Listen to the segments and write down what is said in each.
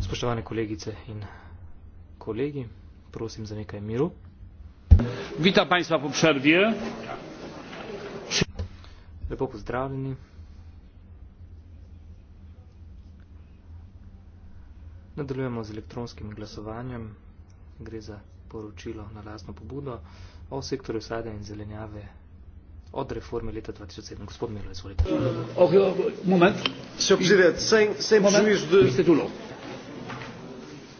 spoštovane kolegice in kolegi prosim za nekaj miru Vita państwa po przerwie. Lepo pozdravljeni. Nadaljujemo z elektronskim glasovanjem. Gre za poročilo na lastno pobudo o sektorju sada in zelenjave od reforme leta 2007. Gospod Milo, izvolite. Uh, moment. Monsieur le Président, sans, sans moment. juge de... Mr. Dulo.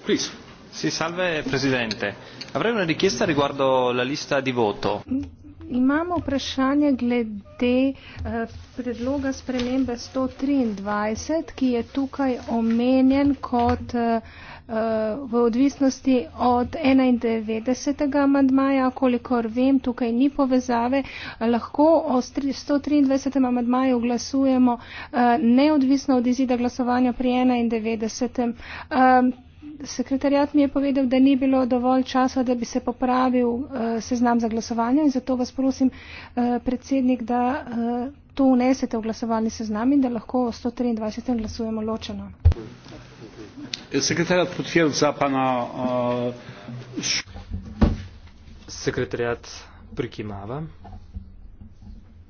Please. Sì, salve Presidente. Avrei una richiesta riguardo la lista di voto. Mm imamo vprašanje glede eh, predloga spremembe 123, ki je tukaj omenjen kot eh, eh, v odvisnosti od 91. amadmaja, kolikor vem, tukaj ni povezave. Lahko o 123. amadmaju glasujemo neodvisno od izida glasovanja pri 91. amadmaju. Ehm, sekretarjat mi je povedal, da ni bilo dovolj časa, da bi se popravil uh, seznam za glasovanje in zato vas prosim, uh, predsednik, da uh, to unesete v glasovalni seznam in da lahko o 123. glasujemo ločeno. Sekretarjat potvrdil za pana uh, e, Sekretarjat prikimava.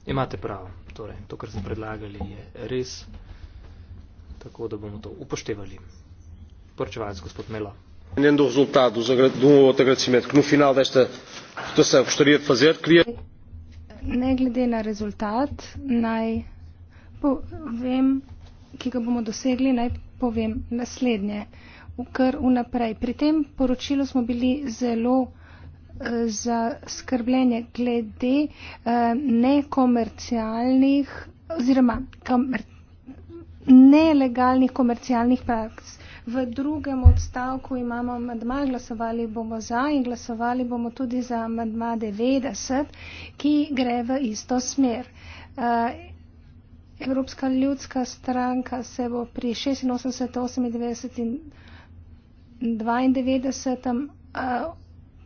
Imate prav, torej, to, kar ste predlagali, je res, tako da bomo to upoštevali. Porchevales, gospod Mela. Nem do resultado de um ou outro agradecimento que no final desta votação gostaria de fazer, queria. Ne glede na rezultat, naj povem, ki ga bomo dosegli, naj povem naslednje. Kar vnaprej. Pri tem poročilu smo bili zelo eh, zaskrbljeni glede eh, nekomercialnih oziroma komer, nelegalnih komercialnih praks. V drugem odstavku imamo medma, glasovali bomo za in glasovali bomo tudi za medma 90, ki gre v isto smer. Eh, Evropska ljudska stranka se bo pri 86, 98 in 92 eh,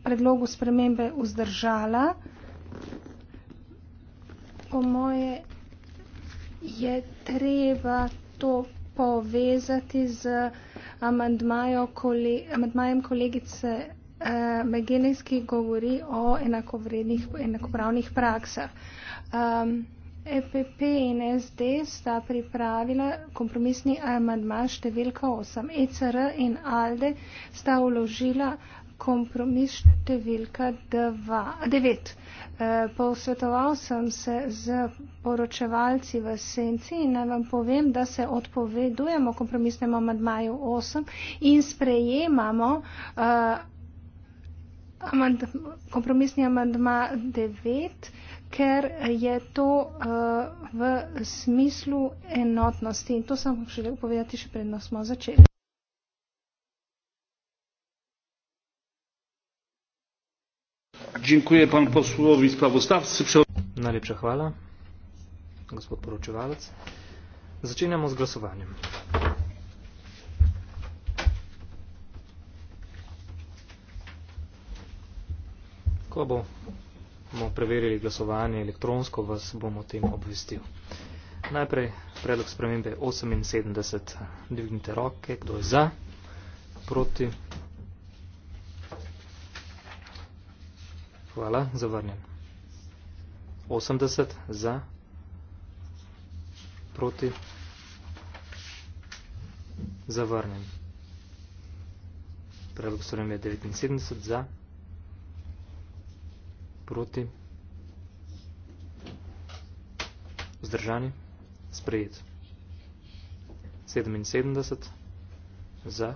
predlogu spremembe vzdržala. Po moje je treba to povezati z amandmajem kolegice uh, eh, Megenes, ki govori o enakovrednih, enakopravnih praksah. Um, EPP in SD sta pripravila kompromisni amandma številka 8. ECR in ALDE sta uložila uh, kompromis številka dva, devet. E, posvetoval sem se z poročevalci v senci in naj vam povem, da se odpovedujemo kompromisnemu amadmaju 8 in sprejemamo e, amand, kompromisni amadma 9, ker je to e, v smislu enotnosti. In to sem želel povedati še predno smo začeli. Dziękuję panu posłowi sprawozdawcy. Najlepsza Przewod... chwala. Gospod poruczywalec. Zaczynamy z głosowaniem. Ko bomo preverili glasovanje elektronsko, vas bom o tem obvestil. Najprej predlog spremembe 78. Dvignite roke, kdo je za, proti, Hvala, zavrnjen. 80 za, proti, zavrnjen. Predlog storjem je 79 za, proti, vzdržani, sprejet. 77 za,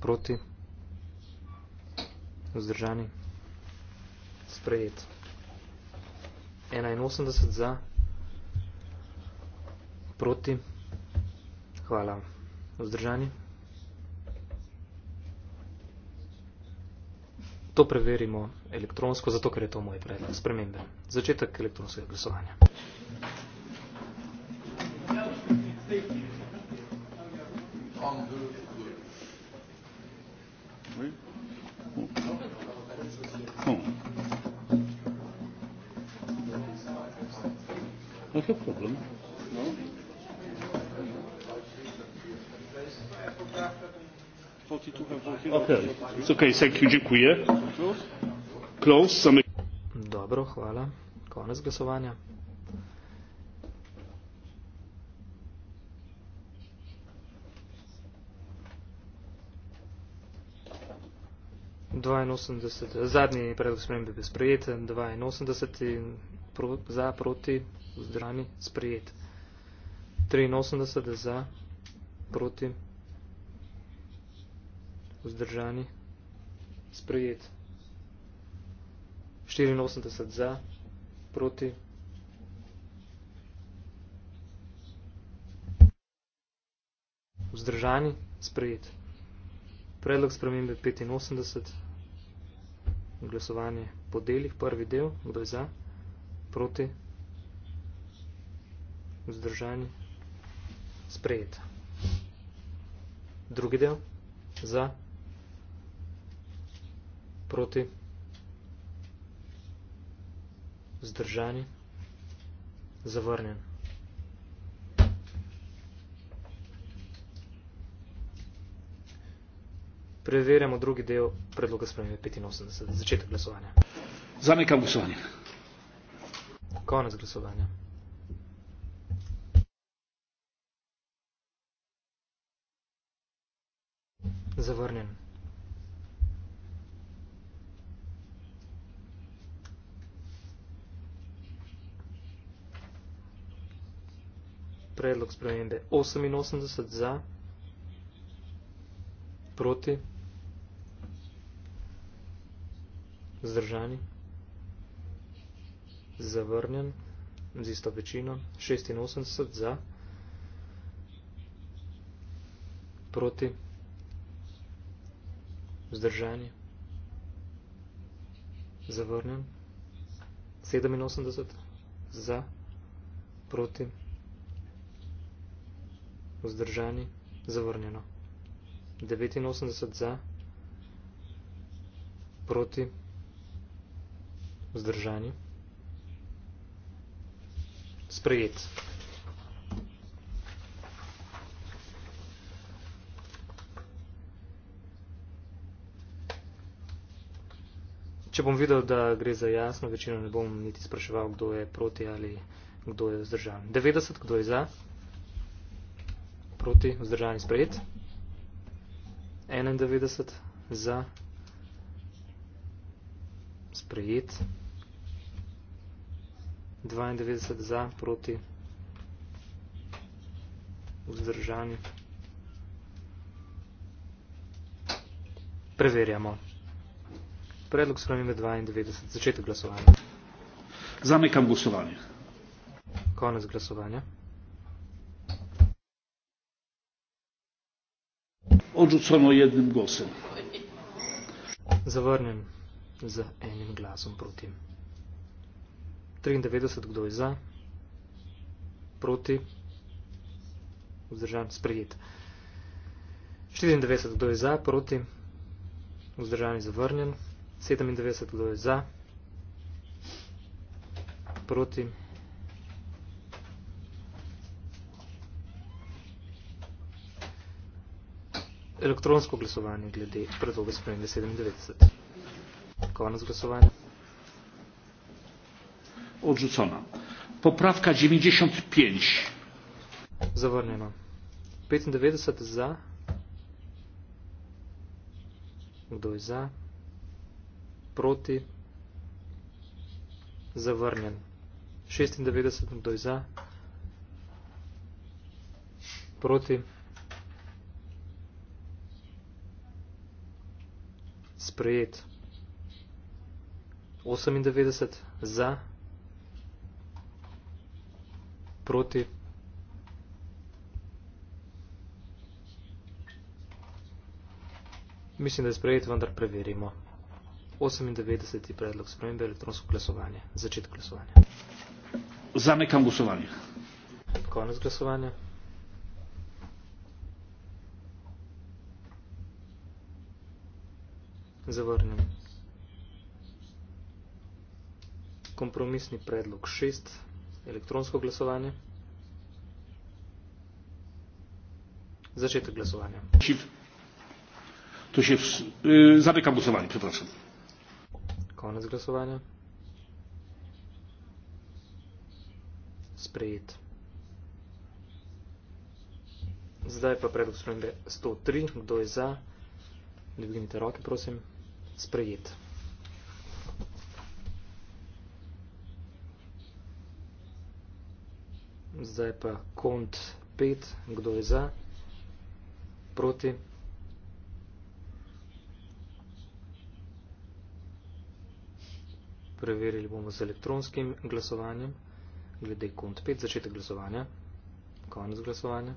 proti, vzdržani vzdržani, sprejet. 81 za, proti, hvala, vzdržani. To preverimo elektronsko, zato ker je to moj predlog spremembe. Začetek elektronskega glasovanja. not a problem. Okay. Okay. Thank you. Dziękuję. Close. Close. Dobro, hvala. Konec glasovanja. Zadnji predlog smembe bi sprejet, 82 in pro, za, proti, vzdrani, sprejet. 83 za, proti, vzdržani, sprejet. 84 za, proti, vzdržani, sprejet. Predlog spremembe 85, glasovanje po delih, prvi del, kdo je za? proti, vzdržani, sprejeta. Drugi del, za, proti, vzdržani, zavrnjen. Preverjamo drugi del predloga spremembe 85, začetek glasovanja. Zamekam glasovanje. Konec glasovanja. Zavrnjen. Predlog spremembe 88 za, proti, zdržani zavrnjen z isto večino, 86 za, proti, vzdržanje, zavrnjen, 87 za, proti, vzdržanje, zavrnjeno, 89 za, proti, vzdržanje, sprejet. Če bom videl, da gre za jasno večino, ne bom niti spraševal, kdo je proti ali kdo je vzdržan. 90, kdo je za? Proti, vzdržan in sprejet. 91, za? Sprejet. 92 za proti vzdržani. Preverjamo. Predlog spremembe 92. Začetek glasovanja. Zamekam glasovanje. Konec glasovanja. Odrzucamo jednim glasom. Zavrnem z enim glasom proti. 93, kdo je za, proti, vzdržan, sprejet. 94, kdo je za, proti, vzdržan, zavrnjen. 97, kdo je za, proti, elektronsko glasovanje glede predloga spremembe 97. Konec glasovanja odrzucona. Poprawka 95. Zawarniona. 95 za. Kdo je za? Proti. Zavrnjen. 96, kdo je za? Proti. Sprejet. 98 za proti. Mislim, da je sprejet, vendar preverimo. 98. predlog spremembe elektronsko glasovanje. Začetek glasovanja. Zamekam glasovanje. Konec glasovanja. Zavrnjen. Kompromisni predlog 6 elektronsko glasovanje. Začetek glasovanja. Šif. To je zadnje glasovanje, preprosim. Konec glasovanja. Sprejet. Zdaj pa predlog spremembe 103. Kdo je za? Dvignite roke, prosim. Sprejet. zdaj pa kont 5, kdo je za, proti. Preverili bomo z elektronskim glasovanjem, glede kont 5, začetek glasovanja, konec glasovanja.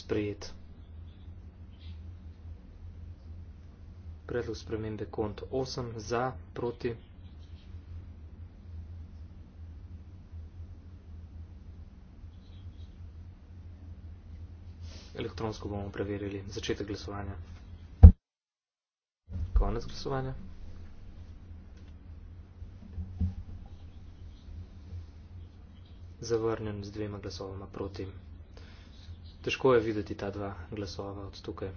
Sprejeti. predlog spremembe kont 8 za proti. Elektronsko bomo preverili začetek glasovanja. Konec glasovanja. Zavrnjen z dvema glasovama proti. Težko je videti ta dva glasova od tukaj.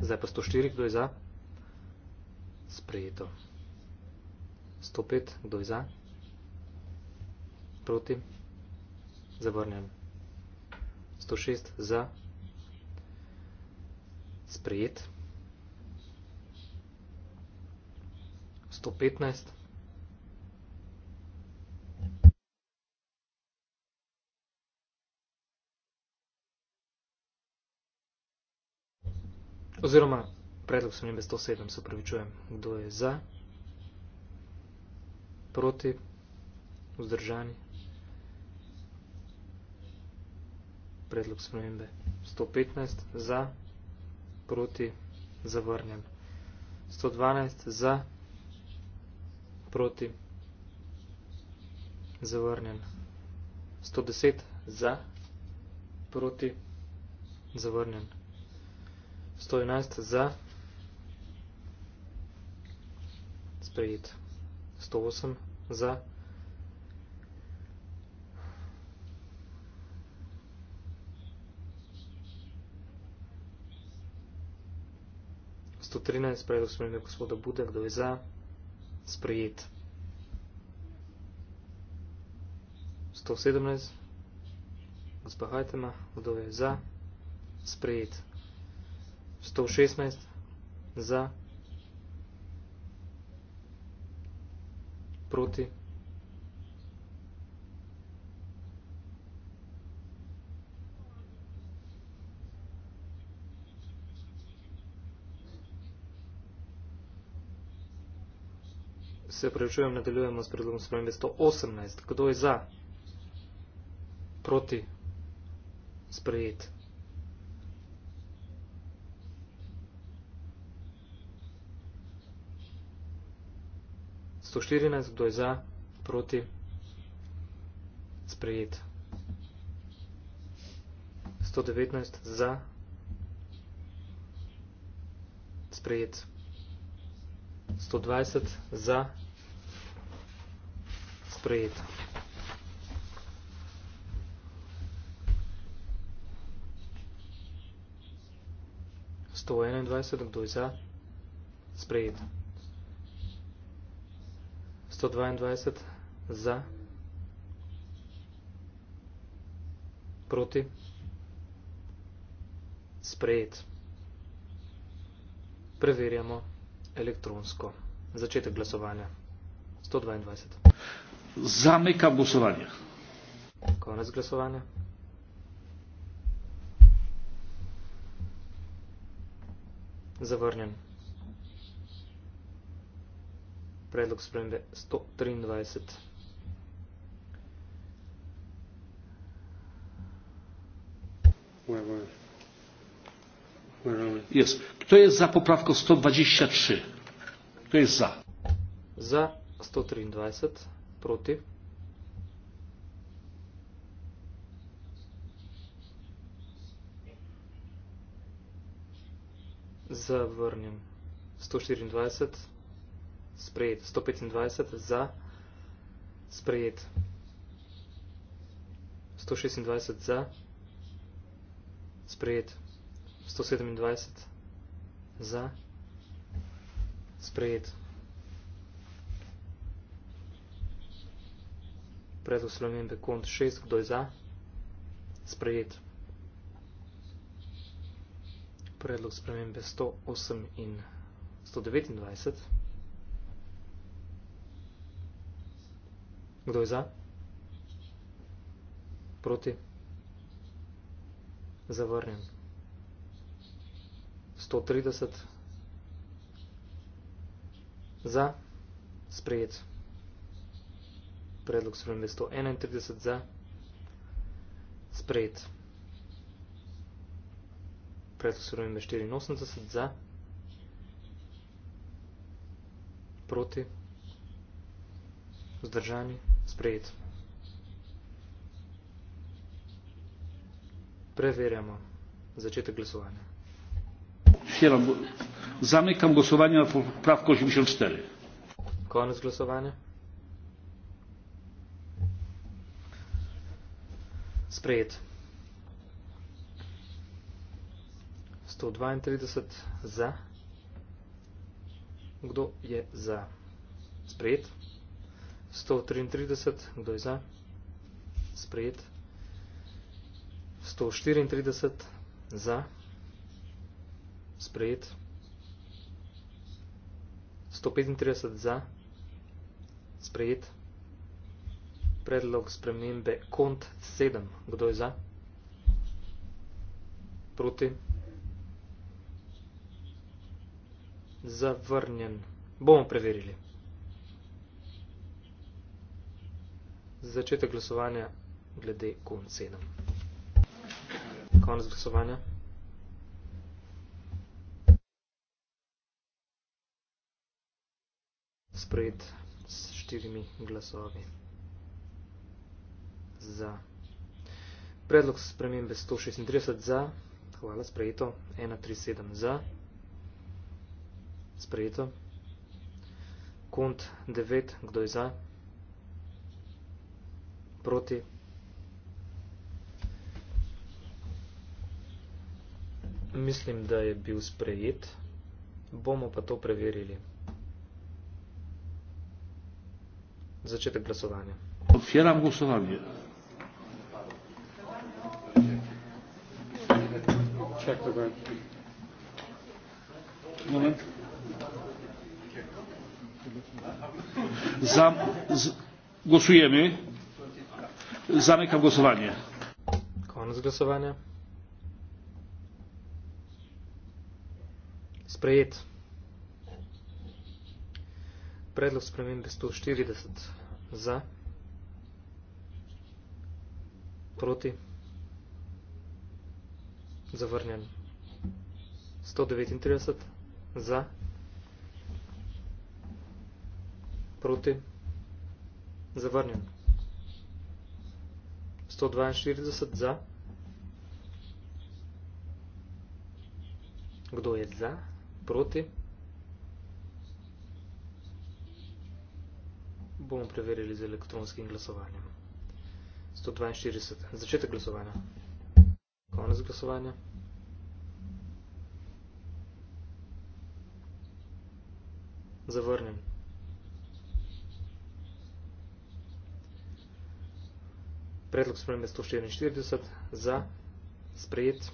Zdaj pa 104, kdo je za? 104 sprejeto. 105, kdo je za? Proti? Zavrnjen. 106, za? Sprejet. 115. Oziroma, predlog spremembe 107, se upravičujem. Kdo je za? Proti? Vzdržani? Predlog spremembe 115, za? Proti? Zavrnjen. 112, za? Proti? Zavrnjen. 110, za? Proti? Zavrnjen. 111 za, стоит 108 за. Тринадцять предлог смерти Господа буде, хто і за, сприїт. 117 збагатима, хто і за, сприїт. 116 за, сприїт. proti. Se prevečujem, nadaljujemo s predlogom spremembe 118. Kdo je za? Proti? Sprejeti. 114, kdo je za, proti, sprejet. 119 za, sprejet. 120 za, sprejet. Сто двадцать, кто за? Спрейт. 122 za, proti, sprejet. Preverjamo elektronsko. Začetek glasovanja. 122. Zameka glasovanja. Konec glasovanja. Zavrnjen predlog spremembe 123. Jest. Kto jest za poprawką 123? Kto jest za? Za 123. Proti. Zawrniem. 124 sprejet, 125 za sprejet, 126 za sprejet, 127 za sprejet. Predlog slovenbe kont 6, kdo je za? Sprejet. Predlog spremembe 108 in 129. Kdo je za? Proti? Zavrnjen. 130 za, sprejet. Predlog spremembe 131 za, sprejet. Predlog spremembe 84 za, proti vzdržani, sprejet. Preverjamo začetek glasovanja. Zamekam glasovanje na popravko 84. Konec glasovanja. Sprejet. 132 za. Kdo je za? Sprejet. 133, kdo je za? Sprejet. 134, za? Sprejet. 135, za? Sprejet. Predlog spremembe kont 7, kdo je za? Proti. Zavrnjen. Bomo preverili. za začetek glasovanja glede kon 7. Konec glasovanja. Sprejet s štirimi glasovi za. Predlog spremembe 136 za, hvala, sprejeto, 137 za, sprejeto, kont 9, kdo je za, proti. Mislim, da je bil sprejet, bomo pa to preverili. Začetek glasovanja. Odpiram glasovanje. Za, z, glasujemy. Zamykam głosowanie. Koniec głosowania. Sprejet. Predlog spremembe 140 za, proti, zavrnjen 139 za, proti, zavrnjen 139 za. 142 za. Kdo je za? Proti? Bomo preverili z elektronskim glasovanjem. 142. Začetek glasovanja. Konec glasovanja. Zavrnem. predlog spremembe 144 za sprejet.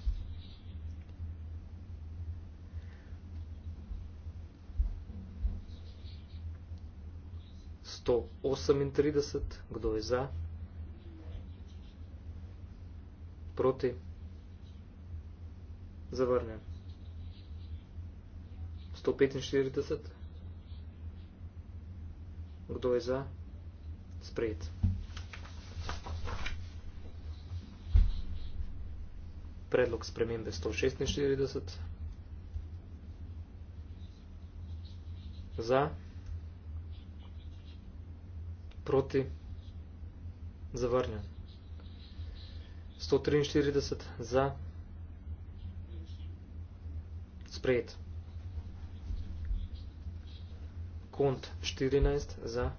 To 38, kdo je za, proti, zavrnem. 145, kdo je za, sprejet. predlog spremembe 146. Za. Proti. Zavrnjen. 143. Za. Sprejet. Kont 14. Za.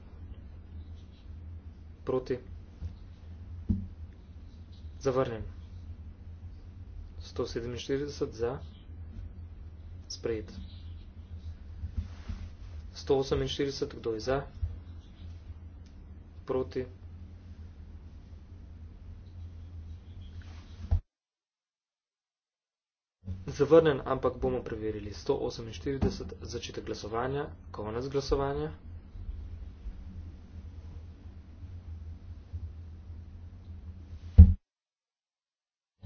Proti. Zavrnjen. 147 za, sprejet. 148, kdo je za, proti. Zavrnen, ampak bomo preverili 148, začetek glasovanja, konec glasovanja.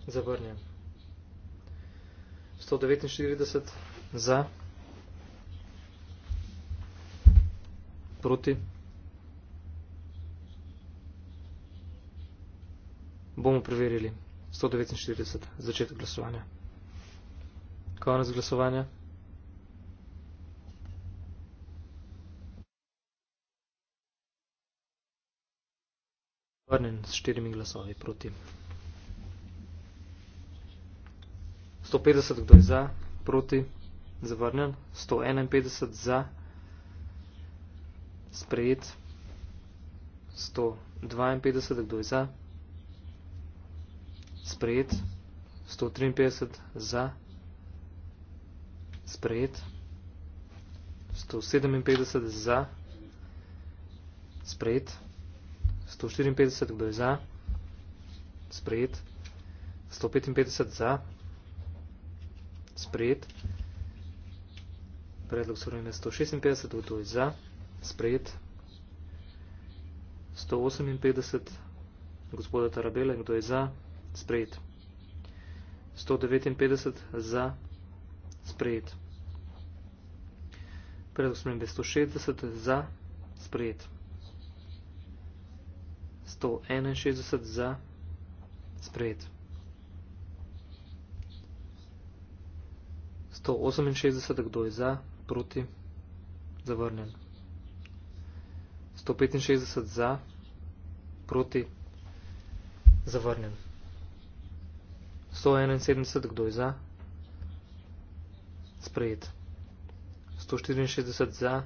Zavrnjen. 149 za, proti. Bomo preverili 149 začetek glasovanja. Konec glasovanja. Vrnen s štirimi glasovi proti. 150, kdo je za, proti, zavrnjen, 151 za, sprejet, 152, kdo je za, sprejet, 153 za, sprejet, 157 za, sprejet, 154, kdo je za, sprejet, 155 za, sprejet. Predlog so vreme 156, voto je za, sprejet. 158, gospoda Tarabela, kdo je za, sprejet. 159, za, sprejet. Predlog so vreme 160, za, sprejet. 161, za, sprejet. 168, kdo je za, proti, zavrnjen. 165 za, proti, zavrnjen. 171, kdo je za, sprejet. 164 za,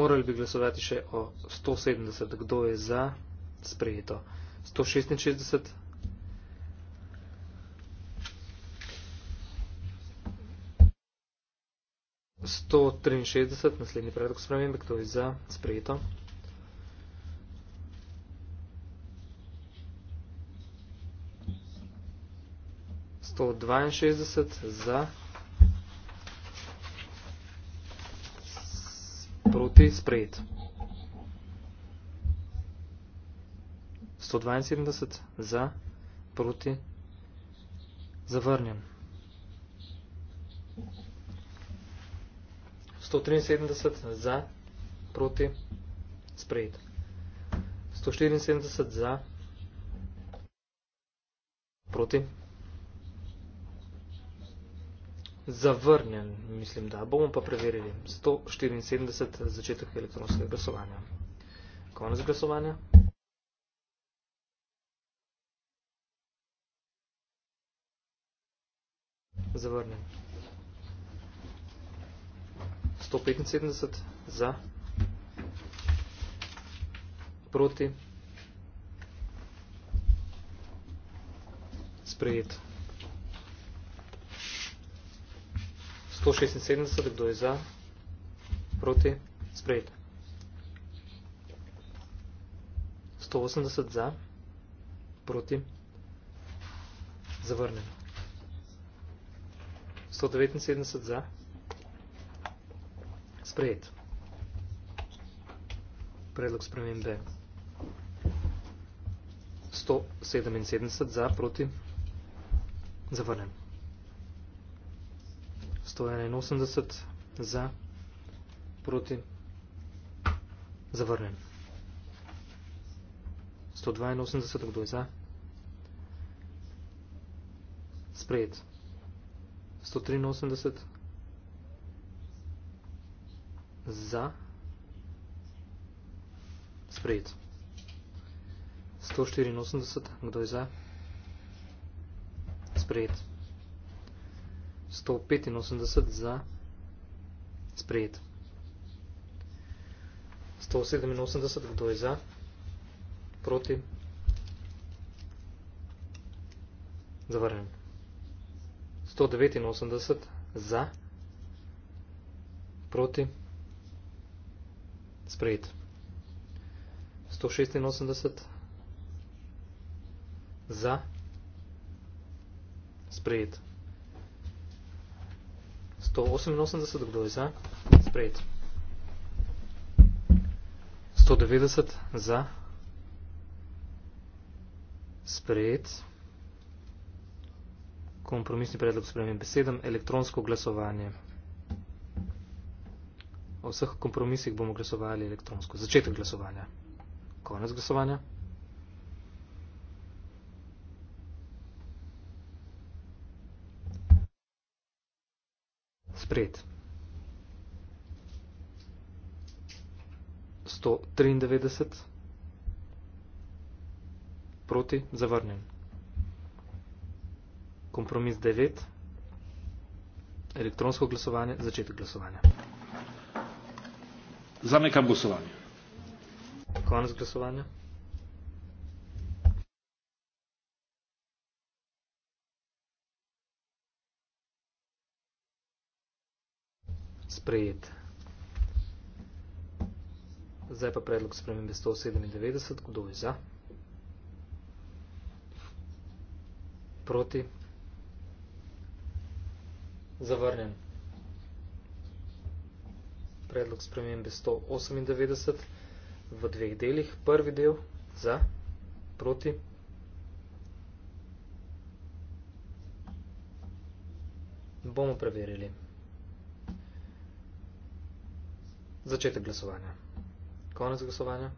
Morali bi glasovati še o 170, kdo je za sprejeto. 166. Sto triinšestdeset, naslednji predlog spremembe, kdo je za sprejeto? Sto dvainšestdeset, za. te sprejeti. 172 za, proti, zavrnjen. 173 za, proti, sprejeti. 174 za, proti, zavrnjen. zavrnjen, mislim da. Bomo pa preverili. 174 začetek elektronskega glasovanja. Konec glasovanja. Zavrnjen. 175 za. Proti. Sprejeti. 176, kdo je za, proti, sprejet. 180 za, proti, zavrnen. 179 za, sprejet. Predlog spremembe. 177 za, proti, zavrnen. 181 za, proti, zavrnen. 182, kdo je za? Sprejet. 183 za, sprejet. 184, kdo je za? Sprejet. 185 za sprejet. 187, kdo je za, proti, zavrnen. 189 za, proti, sprejet. 186 za, sprejet. 188, kdo je za? Sprejet. 190 za. Sprejet. Kompromisni predlog spremem besedem. Elektronsko glasovanje. O vseh kompromisih bomo glasovali elektronsko. Začetek glasovanja. Konec glasovanja. sprejet. 193 proti zavrnjen. Kompromis 9. Elektronsko glasovanje, začetek glasovanja. Zamekam glasovanje. Konec glasovanja. sprejet. Zdaj pa predlog spremembe 197. Kdo je za? Proti? Zavrnjen. Predlog spremembe 198 v dveh delih. Prvi del za, proti, bomo preverili. Začetek glasovanja. Konec glasovanja.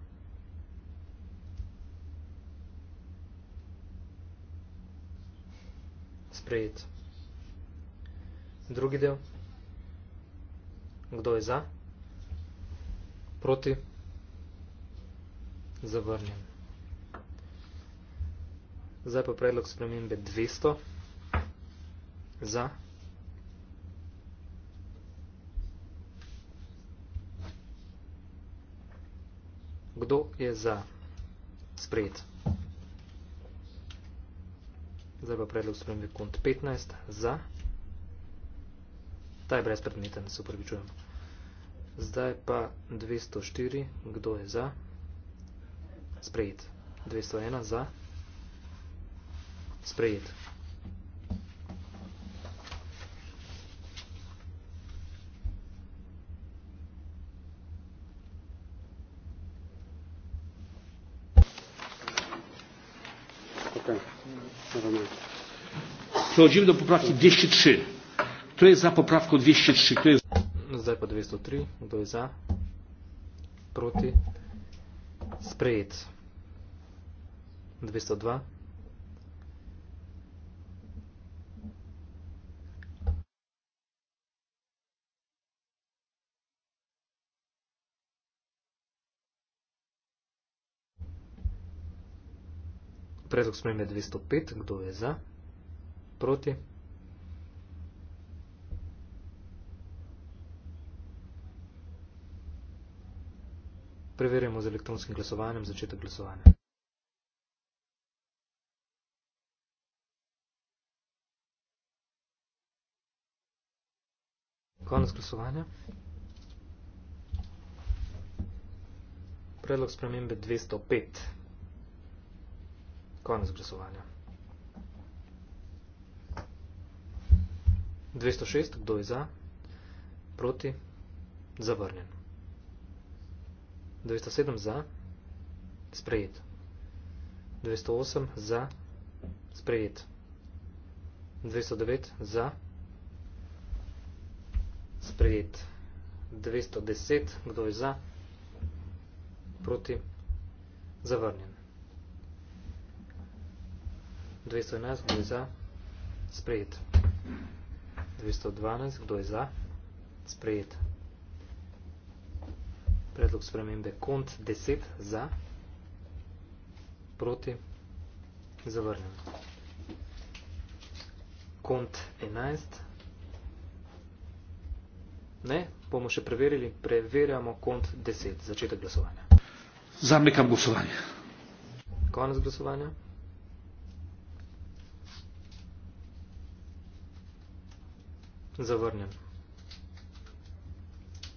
Sprejet. Drugi del. Kdo je za? Proti? Zavrnjen. Zdaj pa predlog spremembe 200. Za? Kdo je za sprejet? Zdaj pa predlog spremembe kont 15 za. Ta je brezpredmeten, se upravičujem. Zdaj pa 204, kdo je za? Sprejet. 201 za. Sprejet. przechodzimy do poprawki 203. Kto jest za poprawką 203? Kto jest za po 203? Kto jest za? Proti? Sprejec. 202? Predlog smeme 205, kdo je za? proti. Preverjamo z elektronskim glasovanjem začetek glasovanja. Konec glasovanja. Predlog spremembe 205. Konec glasovanja. 206, kdo je za, proti, zavrnjen. 207 za, sprejet. 208 za, sprejet. 209 za, sprejet. 210, kdo je za, proti, zavrnjen. 211, kdo je za, sprejet. Sprejet. 212, kdo je za? Sprejet. Predlog spremembe kont 10 za, proti, zavrnjen. Kont 11, ne, bomo še preverili, preverjamo kont 10, začetek glasovanja. Zamekam glasovanje. Konec glasovanja. zavrnjen.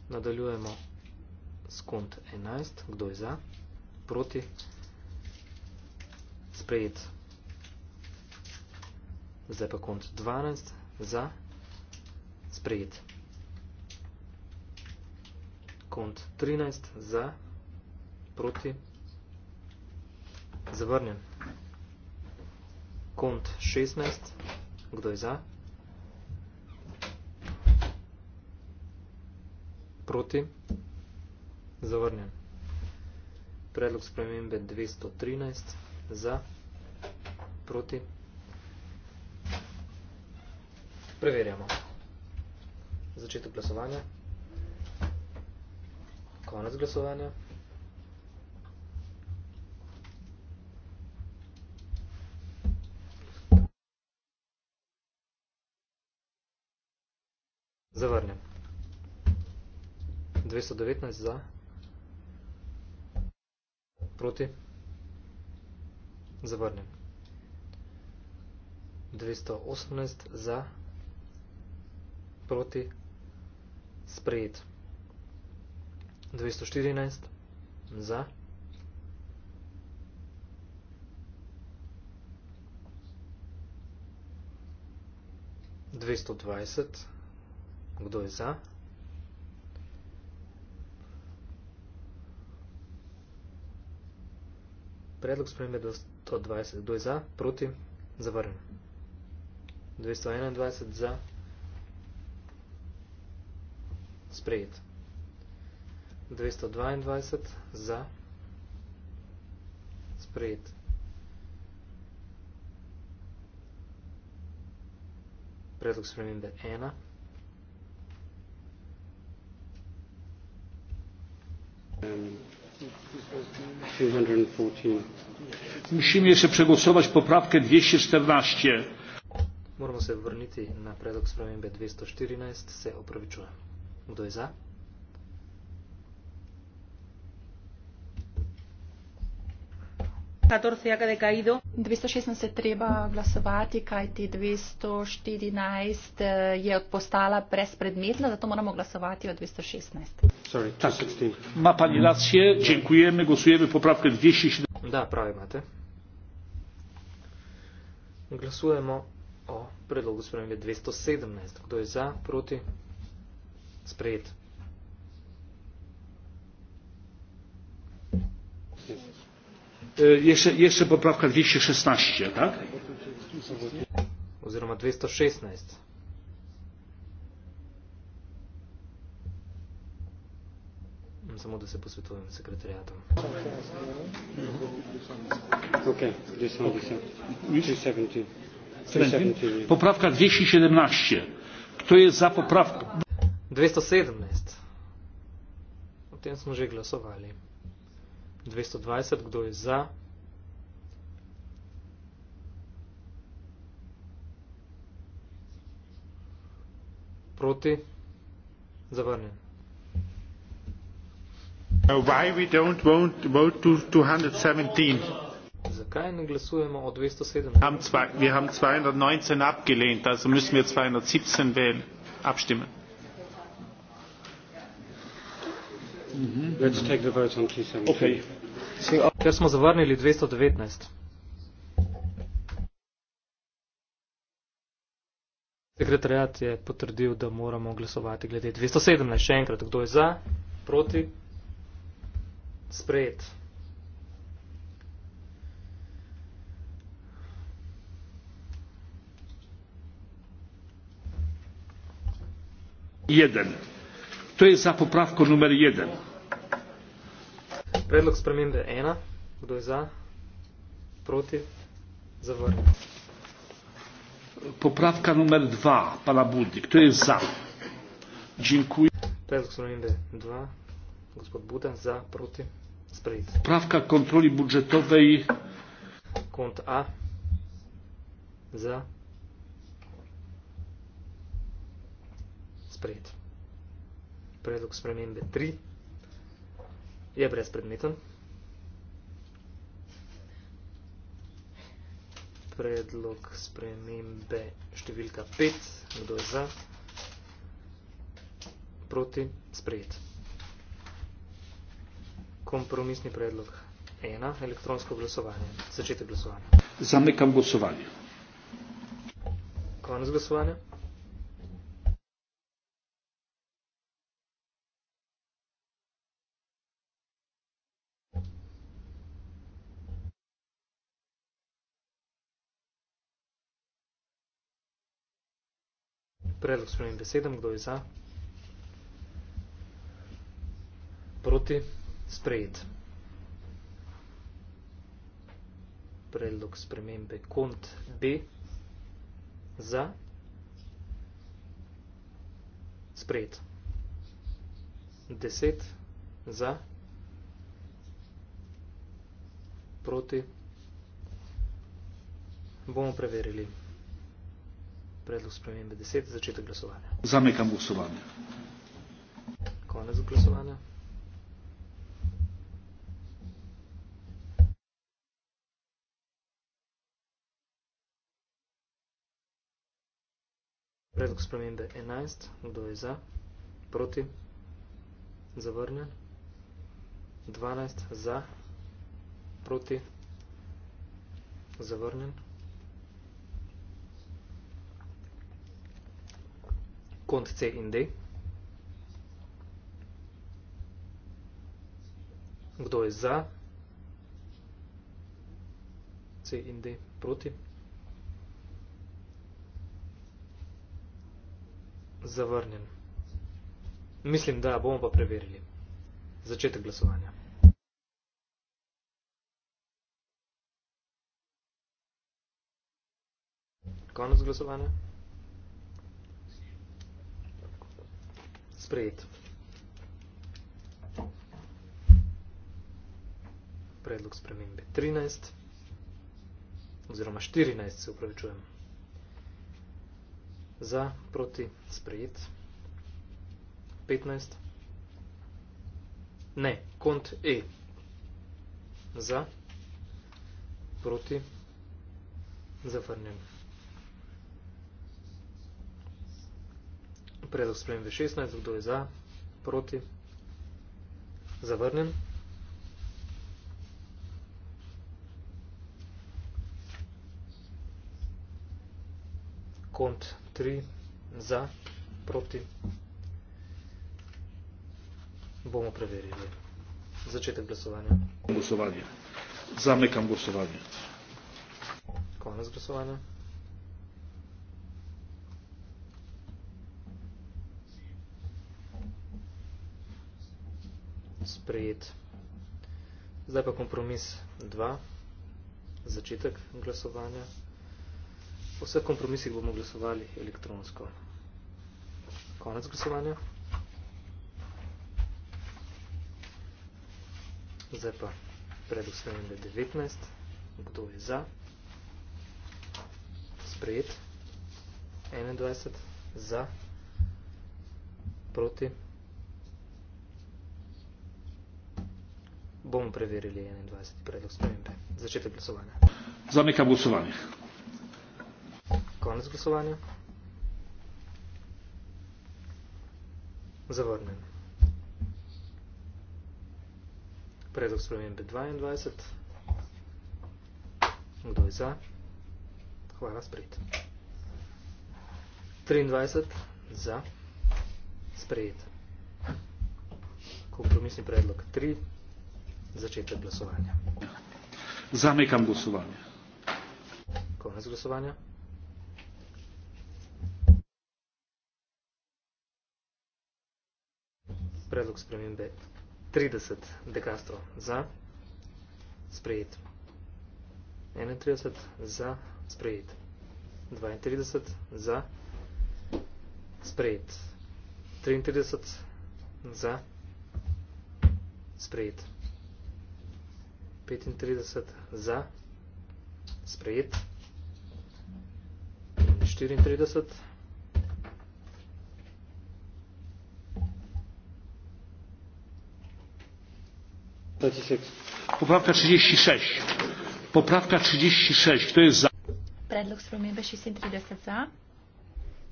Nadaljujemo s kont 11, kdo je za, proti, sprejet. Zdaj pa kont 12, za, sprejet. Kont 13, za, proti, zavrnjen. Kont 16, kdo je za, proti. Proti? Zavrnjen. Predlog spremembe 213. Za? Proti? Preverjamo. Začetek glasovanja. Konec glasovanja. Zavrnjen. 219 za, proti, zavrnem. 218 za, proti, sprejet. 214 za, Dvesto dvajset, kdo je za? predlog spremembe 120. Kdo je za? Proti? Zavrnjen. 221 za. Sprejet. 222 za. Sprejet. 1. Musimy jeszcze przegłosować poprawkę 214. Moramo se vrniti na predlog spremembe 214, se opravičujem. Kdo je za? 14 ja, je kajido. 216 je treba glasovati, kajti 214 eh, je postala brezpredmetna, zato moramo glasovati o 216. Ma pani Lacije, dziękujemy, głosujemy poprawkę 217. Da, pravi imate. Glasujemo o predlogu spremembe 217. Kdo je za, proti? Sprejet. E, jeszcze, jeszcze poprawka 216, tak? Oziroma 216. Samo da se posvetujem sekretariatom. Okay. Poprawka 217. Kto jest za poprawką? 217. O tym smo już głosowali. 220, kdo je za? Proti? Zavrnjen. Zakaj ne glasujemo o 217? Wir haben 219 abgelehnt, also müssen wir 217 wählen, abstimmen. Mhm. Let's take the vote on 273. Okay. Uh, Ker smo zavrnili 219. Sekretariat je potrdil, da moramo glasovati glede 217. Še enkrat, kdo je za, proti, sprejet. Jeden. To je za popravko numer jedan. Predlog spremembe ena. Kdo je za? Proti? Zavrni. Popravka numer dva, Palabudi. Kdo je za? Džinkuj. Predlog spremembe dva. Gospod Buda, za, proti, sprejeti. Popravka kontroli budžetovej. Kont A. Za. Sprejeti. Predlog spremembe tri je brezpredmeten. Predlog spremembe številka 5, kdo je za, proti, sprejet. Kompromisni predlog 1, elektronsko glasovanje, začetek glasovanja. Zamekam glasovanje. Konec glasovanja. predlog s premem besedem, kdo je za, proti, sprejet. Predlog spremembe kont B za sprejet. 10 za proti. Bomo preverili predlog spremembe 10 začetek glasovanja. Zamekam glasovanje. Konec glasovanja. Predlog spremembe 11. Kdo je za? Proti? Zavrnjen? 12. Za? Proti? Zavrnjen? kont C in D. Kdo je za? C in D proti. Zavrnjen. Mislim, da bomo pa preverili. Začetek glasovanja. Konec glasovanja. sprejet. Predlog spremembe 13, oziroma 14, se upravičujem. Za, proti, sprejet. 15. Ne, kont E. Za, proti, zavrnjen. predlog spremembe 16, kdo je za, proti, zavrnjen. Kont 3, za, proti, bomo preverili. Začetek glasovanja. Glasovanje. Zamekam glasovanje. Konec glasovanja. sprejet. Zdaj pa kompromis 2, začetek glasovanja. O vseh kompromisih bomo glasovali elektronsko. Konec glasovanja. Zdaj pa pred ustavljanje 19. Kdo je za? Sprejet. 21. Za. Proti. bomo preverili 21. predlog spremembe. Začetek glasovanja. Zamekam glasovanje. Konec glasovanja. Zavrnen. Predlog spremembe 22. Kdo je za? Hvala, sprejet. 23. Za. Sprejet. Kompromisni predlog 3 začetek glasovanja. Zamekam glasovanje. Konec glasovanja. Predlog spremembe 30 dekastrov za sprejet. 31 za sprejet. 32 za sprejet. 33 za sprejet. 35 za, sprejet, 34, Poprawka 36. Poprawka 36. Kto jest za? Predlog spremembe 36 za.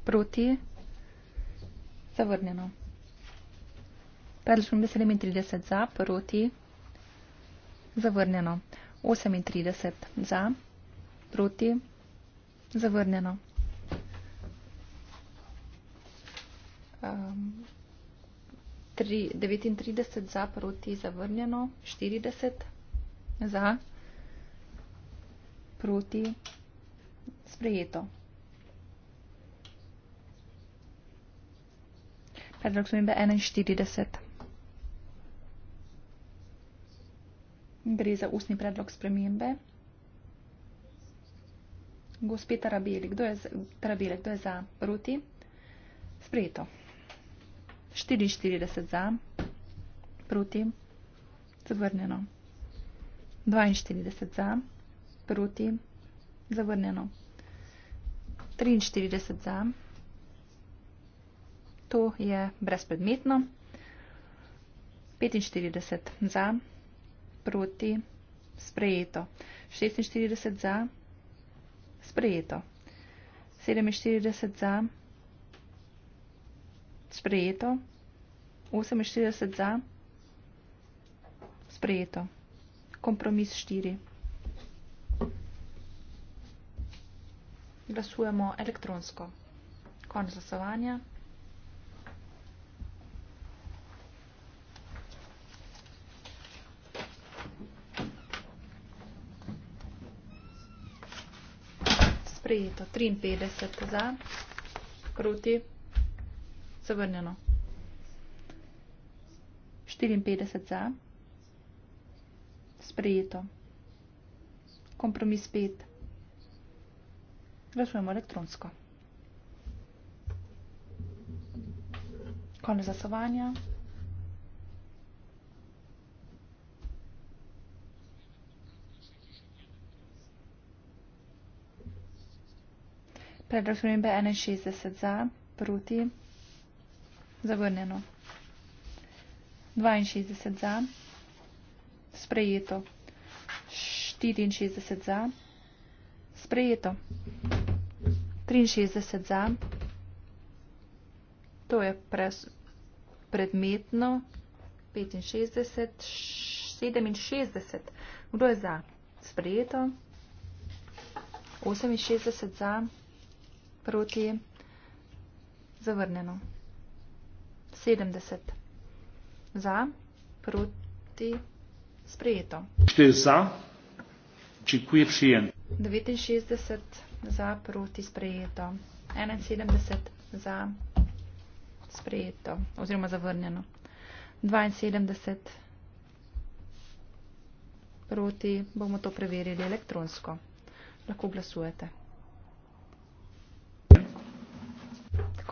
Proti. Zawrnieno. Predlog spremembe 37 za. Proti. Zavrnjeno. 38 za, proti, zavrnjeno. Um, tri, 39 za, proti, zavrnjeno. 40 za, proti, sprejeto. Predlog smo imbe 41. gre za ustni predlog spremembe. Gospe Tarabeli, kdo je, Tarabeli, kdo je za? Ruti. Sprejeto. 44 za. Proti. Zavrnjeno. 42 za. Proti. Zavrnjeno. 43 za. To je brezpredmetno. 45 za proti, sprejeto. 46 za, sprejeto. 47 za, sprejeto. 48 za, sprejeto. Kompromis 4. Glasujemo elektronsko. Konec glasovanja. sprejeto. 53 za, proti, zavrnjeno. 54 za, sprejeto. Kompromis 5. Glasujemo elektronsko. Konec zasovanja. Predlog spremembe 61 za, proti, zavrnjeno. 62 za, sprejeto. 64 za, sprejeto. 63 za, to je pres, predmetno. 65, 67, kdo je za, sprejeto. 68 za, sprejeto. Proti. Zavrnjeno. 70. Za. Proti. Sprejeto. Če je za, čekuj je prijen. 69. Za. Proti. Sprejeto. 71. Za. Sprejeto. Oziroma zavrnjeno. 72. Proti. Bomo to preverili elektronsko. Lahko glasujete.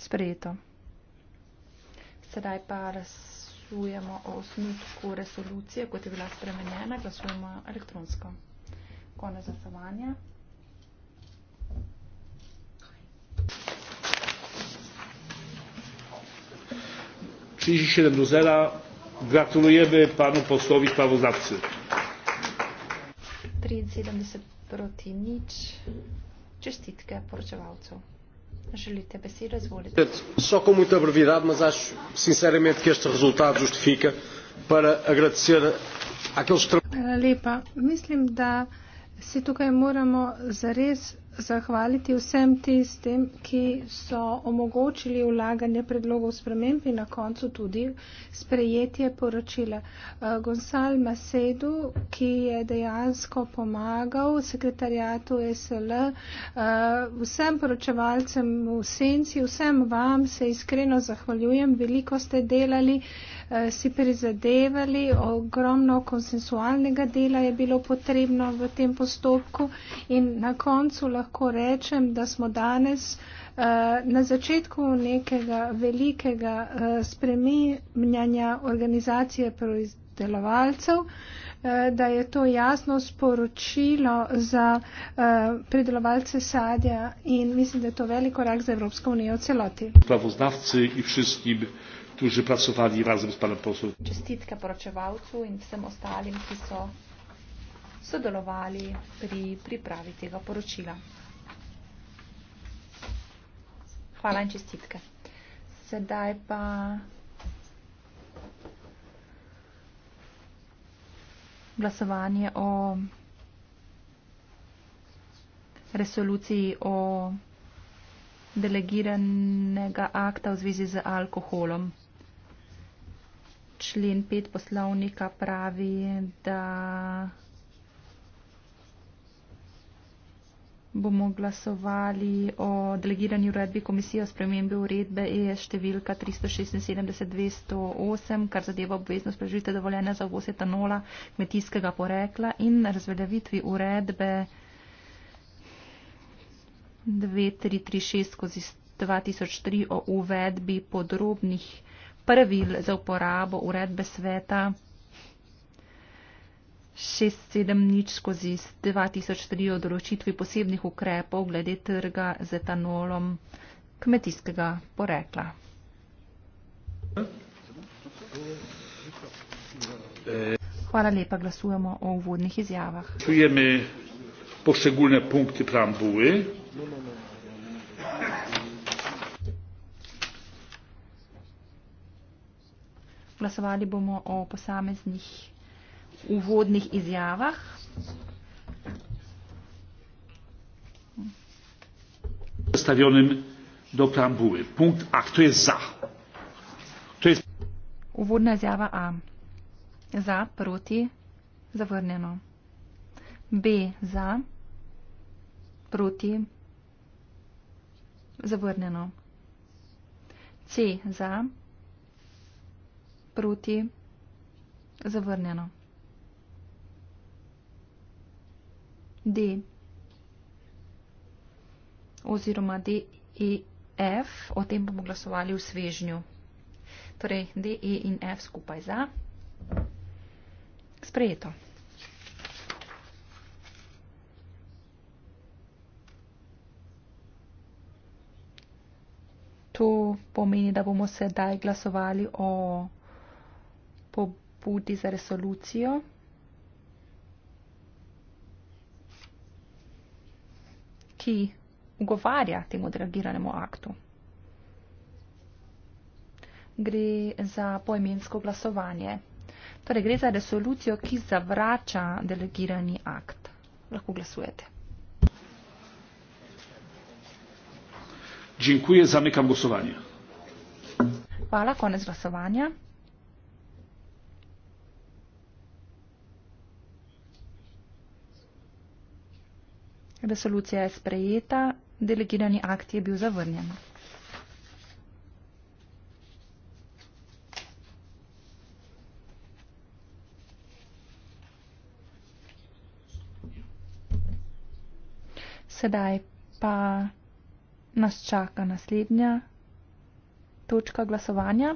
sprejeto. Sedaj pa glasujemo o osnutku resolucije, kot je bila spremenjena, glasujemo elektronsko. Konec glasovanja. Trzydzieści siedem do zera. Gratulujemy panu posłowi sprawozdawcy. 73 proti nic. Cześć, porucjowalców. Желите беседа, изволите. Со ком мута бревидад, но аз sinceramente que este resultado justifica para agradecer àqueles que... Lepa, mislim da se tukaj moramo zares zahvaliti vsem tistim, ki so omogočili vlaganje predlogov sprememb in na koncu tudi sprejetje poročila. Eh, Gonsal Masedu, ki je dejansko pomagal sekretarjatu SL, eh, vsem poročevalcem v senci, vsem vam se iskreno zahvaljujem, veliko ste delali. Eh, si prizadevali, ogromno konsensualnega dela je bilo potrebno v tem postopku in na koncu lahko rečem, da smo danes eh, na začetku nekega velikega eh, spreminjanja organizacije proizdelovalcev da je to jasno sporočilo za uh, predelovalce sadja in mislim, da je to velik korak za Evropsko unijo v celoti którzy pracowali razem z panem posłem. Czestitka poroczewalcu i wszystkim ostatnim, którzy są sodolowali przy przyprawie tego poroczila. Chwala i czestitka. Sedaj pa... Glasowanie o resolucji o delegiranego akta w związku z alkoholem člen 5 poslovnika pravi, da bomo glasovali o delegiranju uredbi komisije o spremembi uredbe EE številka 376-208, kar zadeva obveznost preživite dovoljene za uvoz etanola kmetijskega porekla in razveljavitvi uredbe 2336 skozi 2003 o uvedbi podrobnih pravil za uporabo uredbe sveta 670 skozi 2003 o določitvi posebnih ukrepov glede trga z etanolom kmetijskega porekla. Hvala lepa, glasujemo o uvodnih izjavah. Čujeme posegulne punkti prambuje. No, no, no. glasovali bomo o posameznih uvodnih izjavah. Postavljenem do preambule. Punkt A. Kdo je za? Kto je... Uvodna izjava A. Za, proti, zavrnjeno. B. Za, proti, zavrnjeno. C. Za, proti, zavrnjeno. Proti. Zavrnjeno. D. Oziroma D, E, F. O tem bomo glasovali v svežnju. Torej, D, E in F skupaj za. Sprejeto. To pomeni, da bomo sedaj glasovali o pobudi za resolucijo. ki ugovarja temu delegiranemu aktu. Gre za poimensko glasovanje. Torej, gre za resolucijo, ki zavrača delegirani akt. Lahko glasujete. Dziękuję, zamykam glasovanje. Hvala, konec glasovanja. resolucija je sprejeta, delegirani akt je bil zavrnjen. Sedaj pa nas čaka naslednja točka glasovanja.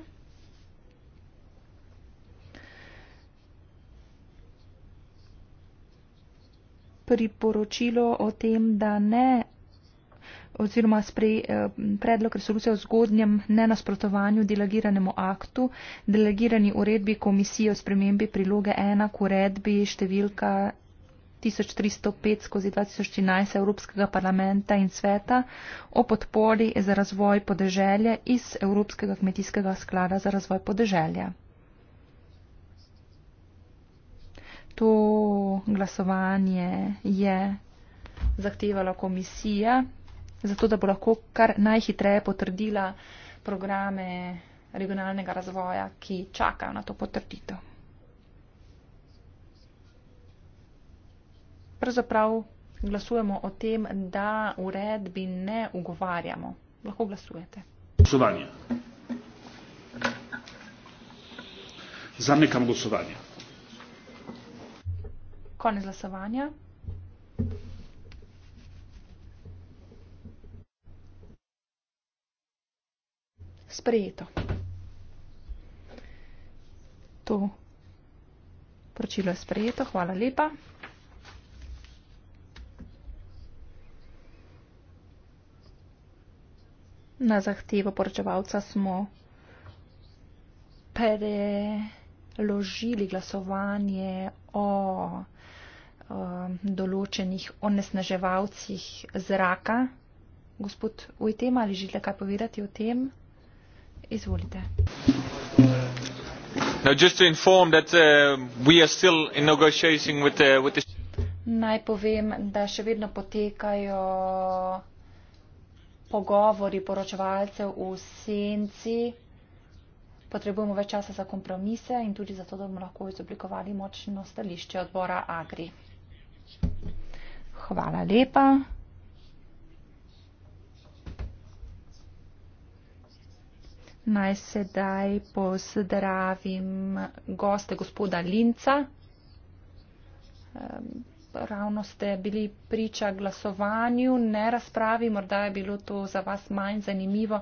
priporočilo o tem, da ne oziroma spre, eh, predlog resolucije o zgodnjem nenasprotovanju delegiranemu aktu, delegirani uredbi komisije o spremembi priloge 1 k uredbi številka 1305 skozi 2013 Evropskega parlamenta in sveta o podpori za razvoj podeželja iz Evropskega kmetijskega sklada za razvoj podeželja. to glasovanje je zahtevala komisija, zato da bo lahko kar najhitreje potrdila programe regionalnega razvoja, ki čakajo na to potrditev. Pravzaprav glasujemo o tem, da uredbi ne ugovarjamo. Lahko glasujete. Glasovanje. Zamekam glasovanje. Konec glasovanja. Sprejeto. To poročilo je sprejeto. Hvala lepa. Na zahtevo poročevalca smo preložili glasovanje o Um, določenih onesnaževalcih zraka. Gospod Ujtema, ali želite kaj povedati o tem? Izvolite. Uh, uh, Naj povem, da še vedno potekajo pogovori poročevalcev v senci. Potrebujemo več časa za kompromise in tudi zato, da bomo lahko izoblikovali močno stališče odbora Agri. Hvala lepa. Naj sedaj pozdravim goste gospoda Linca. Ravno ste bili priča glasovanju, ne razpravi, morda je bilo to za vas manj zanimivo,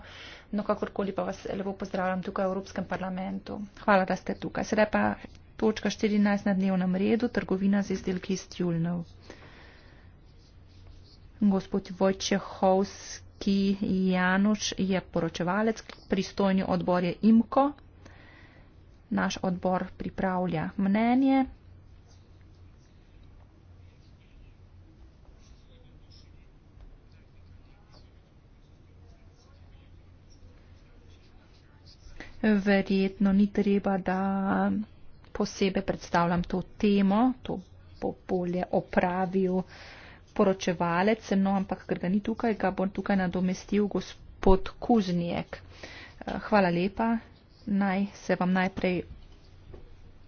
no kakorkoli pa vas lepo pozdravljam tukaj v Evropskem parlamentu. Hvala, da ste tukaj. Sedaj pa točka 14 na dnevnem redu, trgovina z izdelki iz tjulnov. Gospod Vojčehovski Januš je poročevalec, pristojni odbor je IMKO. Naš odbor pripravlja mnenje. Verjetno ni treba, da posebej predstavljam to temo, to bo bolje opravil poročevalec, no ampak ker ga ni tukaj, ga bom tukaj nadomestil gospod Kuznjek. Eh, hvala lepa, naj se vam najprej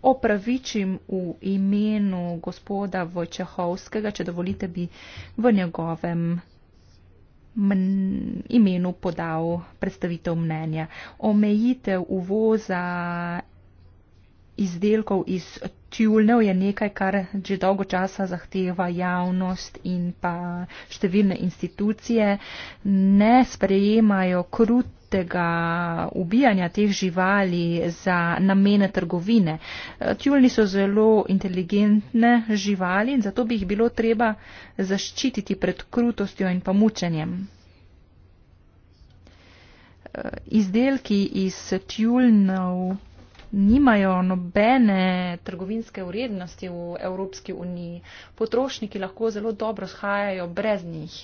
opravičim v imenu gospoda Vojčehovskega, če dovolite bi v njegovem imenu podal predstavitev mnenja. Omejitev uvoza izdelkov iz tjulnev je nekaj, kar že dolgo časa zahteva javnost in pa številne institucije. Ne sprejemajo krutega ubijanja teh živali za namene trgovine. Tjulni so zelo inteligentne živali in zato bi jih bilo treba zaščititi pred krutostjo in pomučenjem. Izdelki iz tjulnev nimajo nobene trgovinske urednosti v Evropski uniji. Potrošniki lahko zelo dobro shajajo brez njih.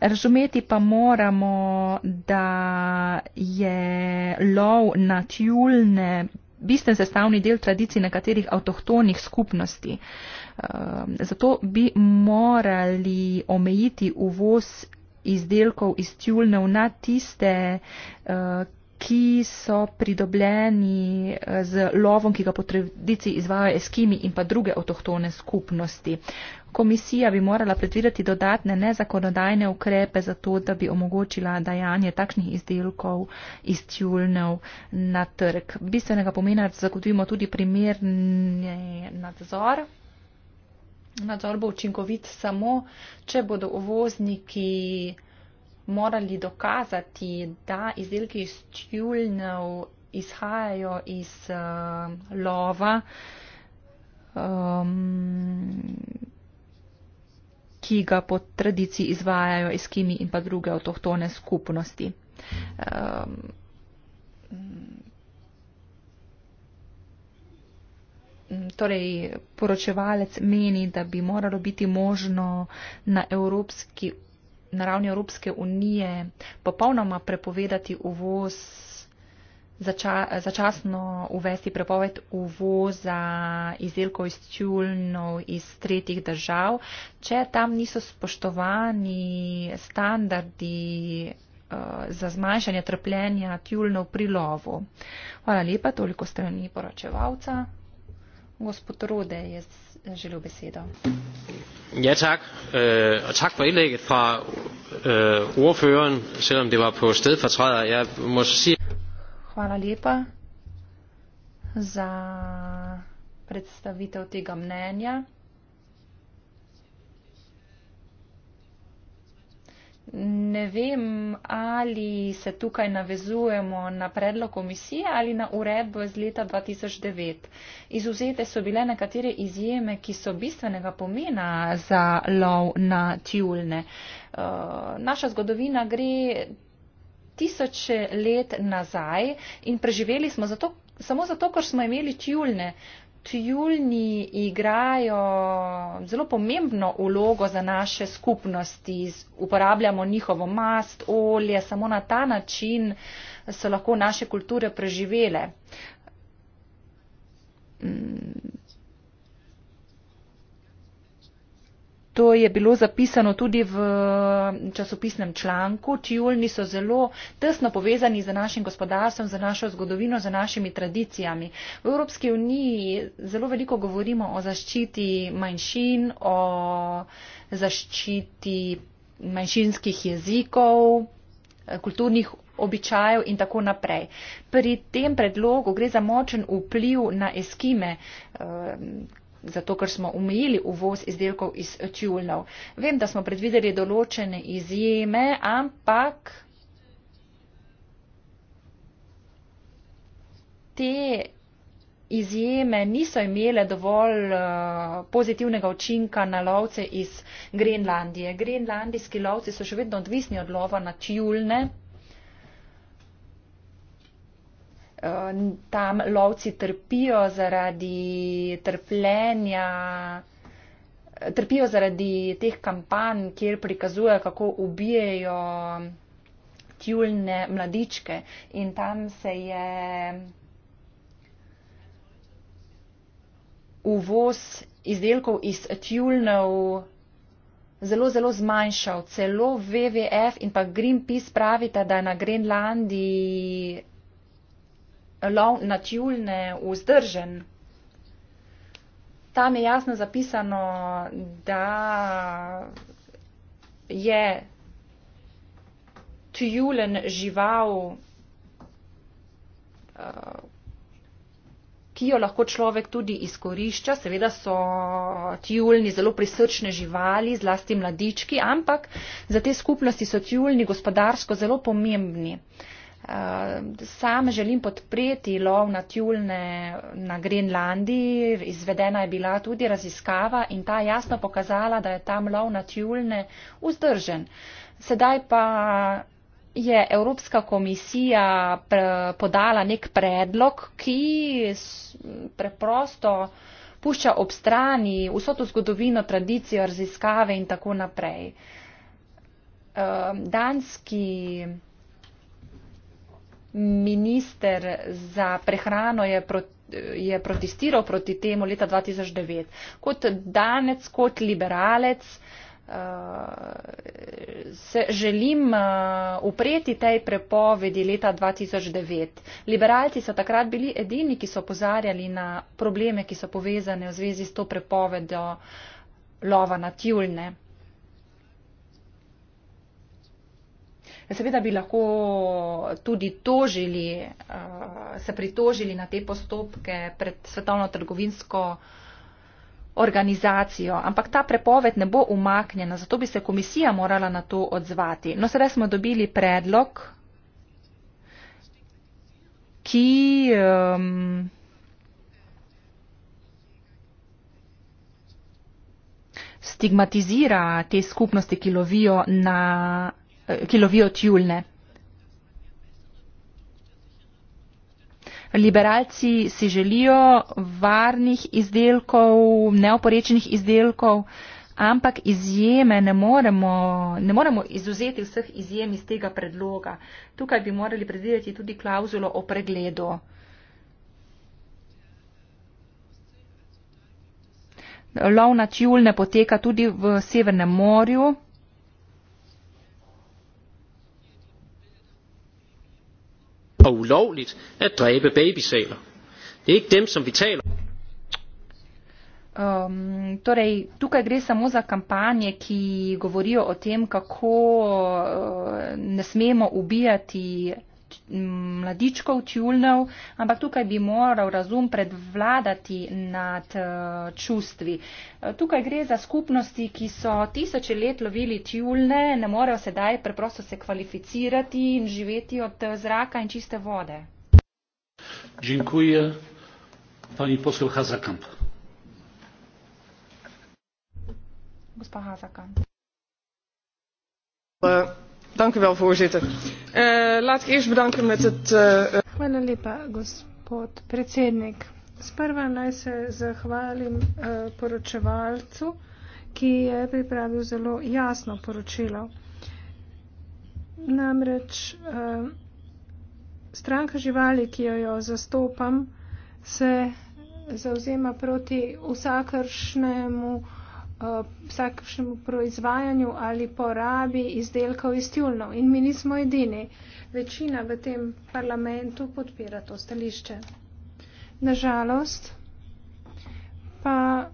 Razumeti pa moramo, da je lov na tjulne bistven sestavni del tradicij nekaterih avtohtonih skupnosti. Ehm, zato bi morali omejiti uvoz izdelkov iz tjulnev na tiste, eh, ki so pridobljeni eh, z lovom, ki ga po tradici izvajo eskimi in pa druge avtohtone skupnosti. Komisija bi morala predvideti dodatne nezakonodajne ukrepe za to, da bi omogočila dajanje takšnih izdelkov iz tjulnev na trg. Bistvenega pomena zagotovimo tudi primerni nadzor nadzor bo učinkovit samo, če bodo uvozniki morali dokazati, da izdelki iz čuljnov izhajajo iz uh, lova, um, ki ga po tradiciji izvajajo iz kimi in pa druge avtohtone skupnosti. Um, Mm, torej poročevalec meni, da bi moralo biti možno na, evropski, na ravni Evropske unije popolnoma prepovedati uvoz, zača, začasno uvesti prepoved uvoza izdelkov iz tjulnov iz tretjih držav, če tam niso spoštovani standardi eh, za zmanjšanje trpljenja tjulnov pri lovu. Hvala lepa, toliko strani poročevalca gospod rode je želel besedo ja tak uh, og tak for indlægget fra uh, ordføreren selvom det var på stedfortræder jeg må sige hvala lepa za predstavitev tega mnenja vem, ali se tukaj navezujemo na predlog komisije ali na uredbo iz leta 2009. Izuzete so bile nekatere izjeme, ki so bistvenega pomena za lov na tjulne. Uh, naša zgodovina gre tisoče let nazaj in preživeli smo zato, samo zato, ker smo imeli tjulne tjulni igrajo zelo pomembno ulogo za naše skupnosti. Uporabljamo njihovo mast, olje, samo na ta način so lahko naše kulture preživele. Mm, To je bilo zapisano tudi v mm, časopisnem članku. Čijulni so zelo tesno povezani z našim gospodarstvom, z našo zgodovino, z našimi tradicijami. V Evropski uniji zelo veliko govorimo o zaščiti manjšin, o zaščiti manjšinskih jezikov, kulturnih običajev in tako naprej. Pri tem predlogu gre za močen vpliv na eskime, eh, zato ker smo umejili uvoz izdelkov iz tjulnov. Vem, da smo predvideli določene izjeme, ampak te izjeme niso imele dovolj eh, pozitivnega učinka na lovce iz Grenlandije. Grenlandijski lovci so še vedno odvisni od lova na tjulne. Eh, tam lovci trpijo zaradi trpljenja, trpijo zaradi teh kampanj, kjer prikazuje, kako ubijejo tjulne mladičke. In tam se je uvoz izdelkov iz tjulnov zelo, zelo zmanjšal. Celo WWF in pa Greenpeace pravita, da je na Grenlandiji lov na čivulne vzdržen. Tam je jasno zapisano, da je čivulen žival, eh, ki jo lahko človek tudi izkorišča. Seveda so čivulni zelo prisrčne živali, zlasti mladički, ampak za te skupnosti so čivulni gospodarsko zelo pomembni. Eh, sam želim podpreti lov na tjulne na Grenlandiji. Izvedena je bila tudi raziskava in ta jasno pokazala, da je tam lov na tjulne vzdržen. Sedaj pa je Evropska komisija podala nek predlog, ki preprosto pušča ob strani vso to zgodovino, tradicijo raziskave in tako naprej. Eh, danski minister za prehrano je, pro, je protestiral proti temu leta 2009. Kot danec, kot liberalec eh, se želim eh, upreti tej prepovedi leta 2009. Liberalci so takrat bili edini, ki so opozarjali na probleme, ki so povezane v zvezi s to prepovedjo lova na tjulne. Ja, seveda bi lahko tudi tožili, eh, se pritožili na te postopke pred svetovno trgovinsko organizacijo, ampak ta prepoved ne bo umaknjena, zato bi se komisija morala na to odzvati. No, sedaj smo dobili predlog, ki. Um, stigmatizira te skupnosti, ki lovijo na Eh, ki lovijo tjulne. Liberalci si želijo varnih izdelkov, neoporečenih izdelkov, ampak izjeme ne moremo, ne moremo izuzeti vseh izjem iz tega predloga. Tukaj bi morali predvideti tudi klauzulo o pregledu. Lov na tjulne poteka tudi v Severnem morju. og ulovligt at dræbe babysæler. Det er ikke dem, som vi taler Um, torej, tukaj gre samo za kampanje, ki govorijo o tem, kako uh, ne smemo ubijati mladičkov, tjulnov, ampak tukaj bi moral razum predvladati nad eh, čustvi. Eh, tukaj gre za skupnosti, ki so tisoče let lovili tjulne, ne morejo sedaj preprosto se kvalificirati in živeti od eh, zraka in čiste vode. Dziękuję. Pani poseł Hazakamp. Gospa Hazakamp voorzitter eh, laat ik eerst bedanken met het. Eh, eh, gospod predsednik sprva naj se zahvalim poročevalcu ki je pripravil zelo jasno poročilo namreč stranka živali ki jo, jo zastopam se zauzema proti vsakršnemu Eh, vsakšnemu proizvajanju ali porabi izdelkov iz tjulnov. In mi nismo edini. Večina v tem parlamentu podpira to stališče. Nažalost pa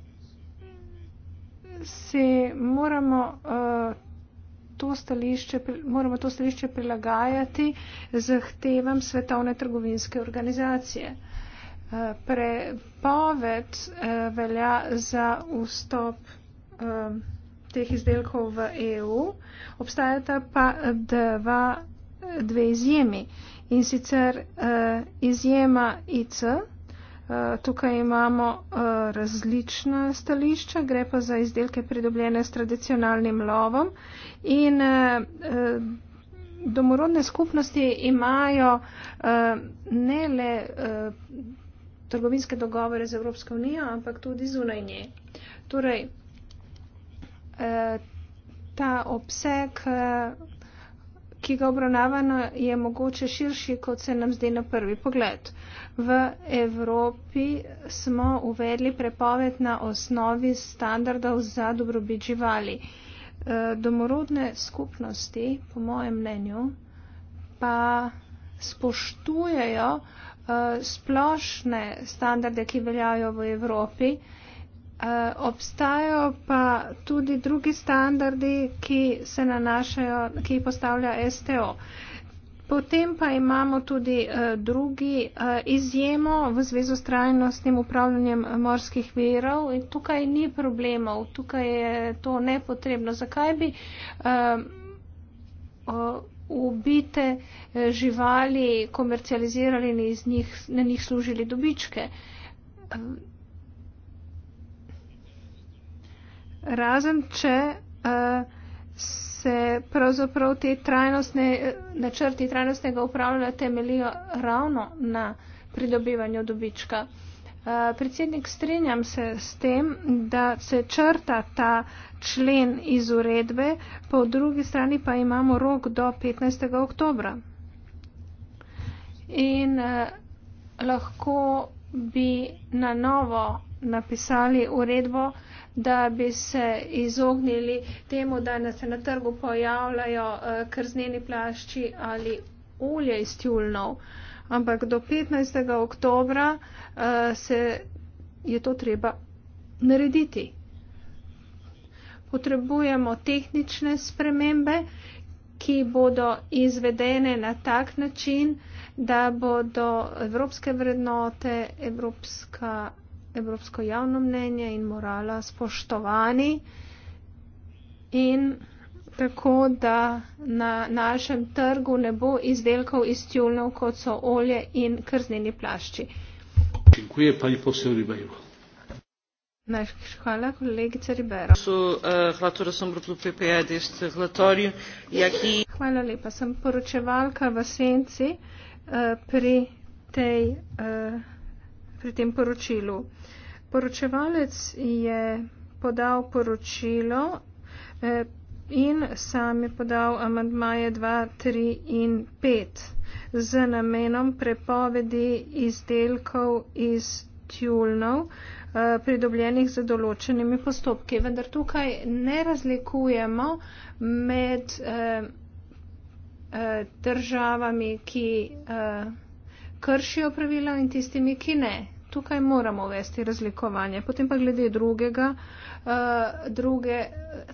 se moramo, uh, moramo to stališče prilagajati zahtevam svetovne trgovinske organizacije. Uh, prepoved uh, velja za vstop um, teh izdelkov v EU, obstajata pa dva, dve izjemi. In sicer uh, izjema IC, uh, tukaj imamo uh, različna stališča, gre pa za izdelke pridobljene s tradicionalnim lovom in uh, uh, Domorodne skupnosti imajo uh, ne le uh, trgovinske dogovore z Evropsko unijo, ampak tudi zunaj nje. Torej, Eh, ta obseg, eh, ki ga obravnavano, je mogoče širši, kot se nam zdi na prvi pogled. V Evropi smo uvedli prepoved na osnovi standardov za dobrobit živali. Eh, domorodne skupnosti, po mojem mnenju, pa spoštujejo splošne standarde, ki veljajo v Evropi, Eh, obstajajo pa tudi drugi standardi, ki se nanašajo, ki jih postavlja STO. Potem pa imamo tudi uh, drugi uh, izjemo v zvezu s trajnostnim upravljanjem morskih virov in tukaj ni problemov, tukaj je to nepotrebno. Zakaj bi uh, uh, ubite živali komercializirali in njih, na njih služili dobičke? Uh, razen če uh, se pravzaprav te trajnostne, eh, načrti trajnostnega upravljanja temelijo ravno na pridobivanju dobička. Uh, predsednik, strinjam se s tem, da se črta ta člen iz uredbe, po drugi strani pa imamo rok do 15. oktobra. In uh, lahko bi na novo napisali uredbo, uh, da bi se izognili temu, da se na trgu pojavljajo eh, krzneni plašči ali olje iz tjulnov. Ampak do 15. oktobra eh, se je to treba narediti. Potrebujemo tehnične spremembe, ki bodo izvedene na tak način, da bodo evropske vrednote, evropska evropsko javno mnenje in morala spoštovani. In tako, da na našem trgu ne bo izdelkov iz tjulnov, kot so olje in krzneni plašči. Dziękuję pani poseł Ribeiro. Najlepša hvala, kolegica Ribeiro. Eh, e e hvala lepa, sem poročevalka v senci eh, pri tej. Uh, pri tem poročilu. Poročevalec je podal poročilo eh, in sam je podal amandmaje 2, 3 in 5 z namenom prepovedi izdelkov iz tjulnov eh, pridobljenih za določenimi postopki. Vendar tukaj ne razlikujemo med eh, državami, ki kršijo pravila in tistimi, ki ne. Tukaj moramo vesti razlikovanje. Potem pa glede drugega, uh, Eh, druge eh,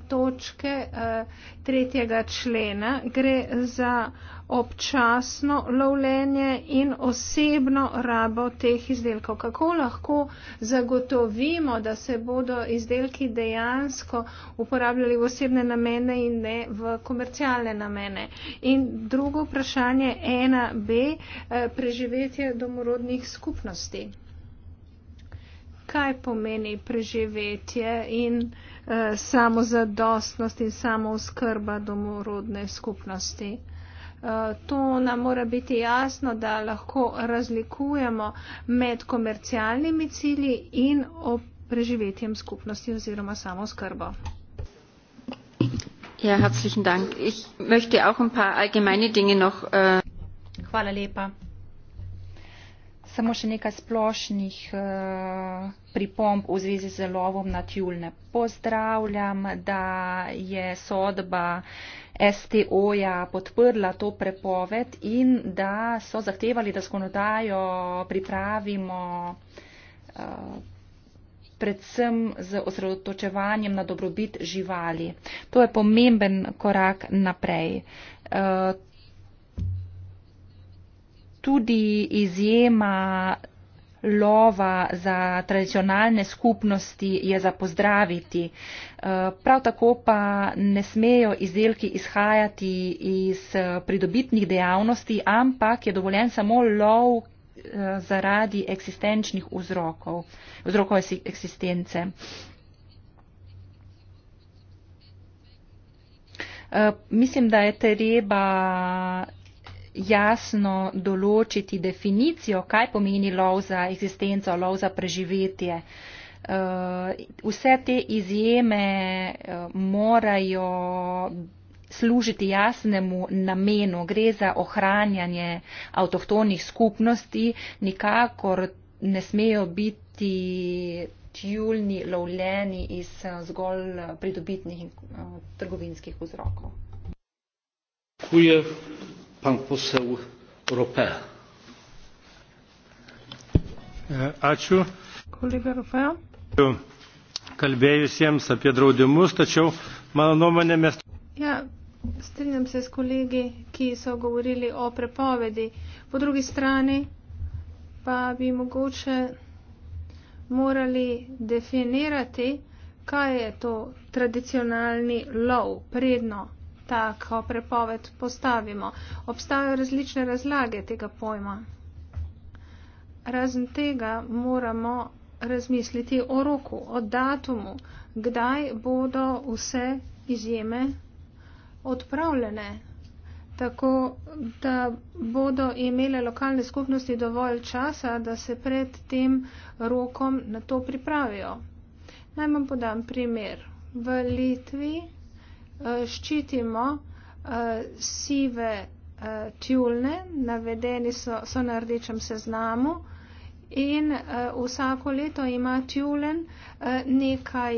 točke eh, tretjega člena. Gre za občasno lovljenje in osebno rabo teh izdelkov. Kako lahko zagotovimo, da se bodo izdelki dejansko uporabljali v osebne namene in ne v komercialne namene? In drugo vprašanje 1b, preživetje domorodnih skupnosti kaj pomeni preživetje in e, samozadostnost in samo oskrba domorodne skupnosti. Eh, to nam mora biti jasno, da lahko razlikujemo med komercialnimi cilji in preživetjem skupnosti oziroma samo skrbo. Ja, äh Hvala lepa. Samo še nekaj splošnih uh, pripomb v zvezi z lovom na tjulne. Pozdravljam, da je sodba STO-ja podprla to prepoved in da so zahtevali, da skonodajo pripravimo uh, predvsem z osredotočevanjem na dobrobit živali. To je pomemben korak naprej. Uh, tudi izjema lova za tradicionalne skupnosti je za pozdraviti. Eh, prav tako pa ne smejo izdelki izhajati iz eh, pridobitnih dejavnosti, ampak je dovoljen samo lov eh, zaradi eksistenčnih vzrokov, vzrokov eksistence. Mislim, da je treba jasno določiti definicijo, kaj pomeni lov za eksistenco, lov za preživetje. Eh, vse te izjeme eh, morajo služiti jasnemu namenu. Gre za ohranjanje avtohtonih skupnosti, nikakor ne smejo biti tjulni lovljeni iz eh, zgolj pridobitnih trgovinskih vzrokov. Kujev E, kalbėjusiems apie draudimus tačiau mano nuomonė mes. Ja, strinjam se s kolegi, ki so govorili o prepovedi. Po drugi strani pa bi mogoče morali definirati, kaj je to tradicionalni lov, predno tako prepoved postavimo. Obstajajo različne razlage tega pojma. Razen tega moramo razmisliti o roku, o datumu, kdaj bodo vse izjeme odpravljene, tako da bodo imele lokalne skupnosti dovolj časa, da se pred tem rokom na to pripravijo. Naj vam podam primer. V Litvi Eh, ščitimo eh, sive eh, tjulne, navedeni so, so na rdečem seznamu in vsako leto ima tjulen nekaj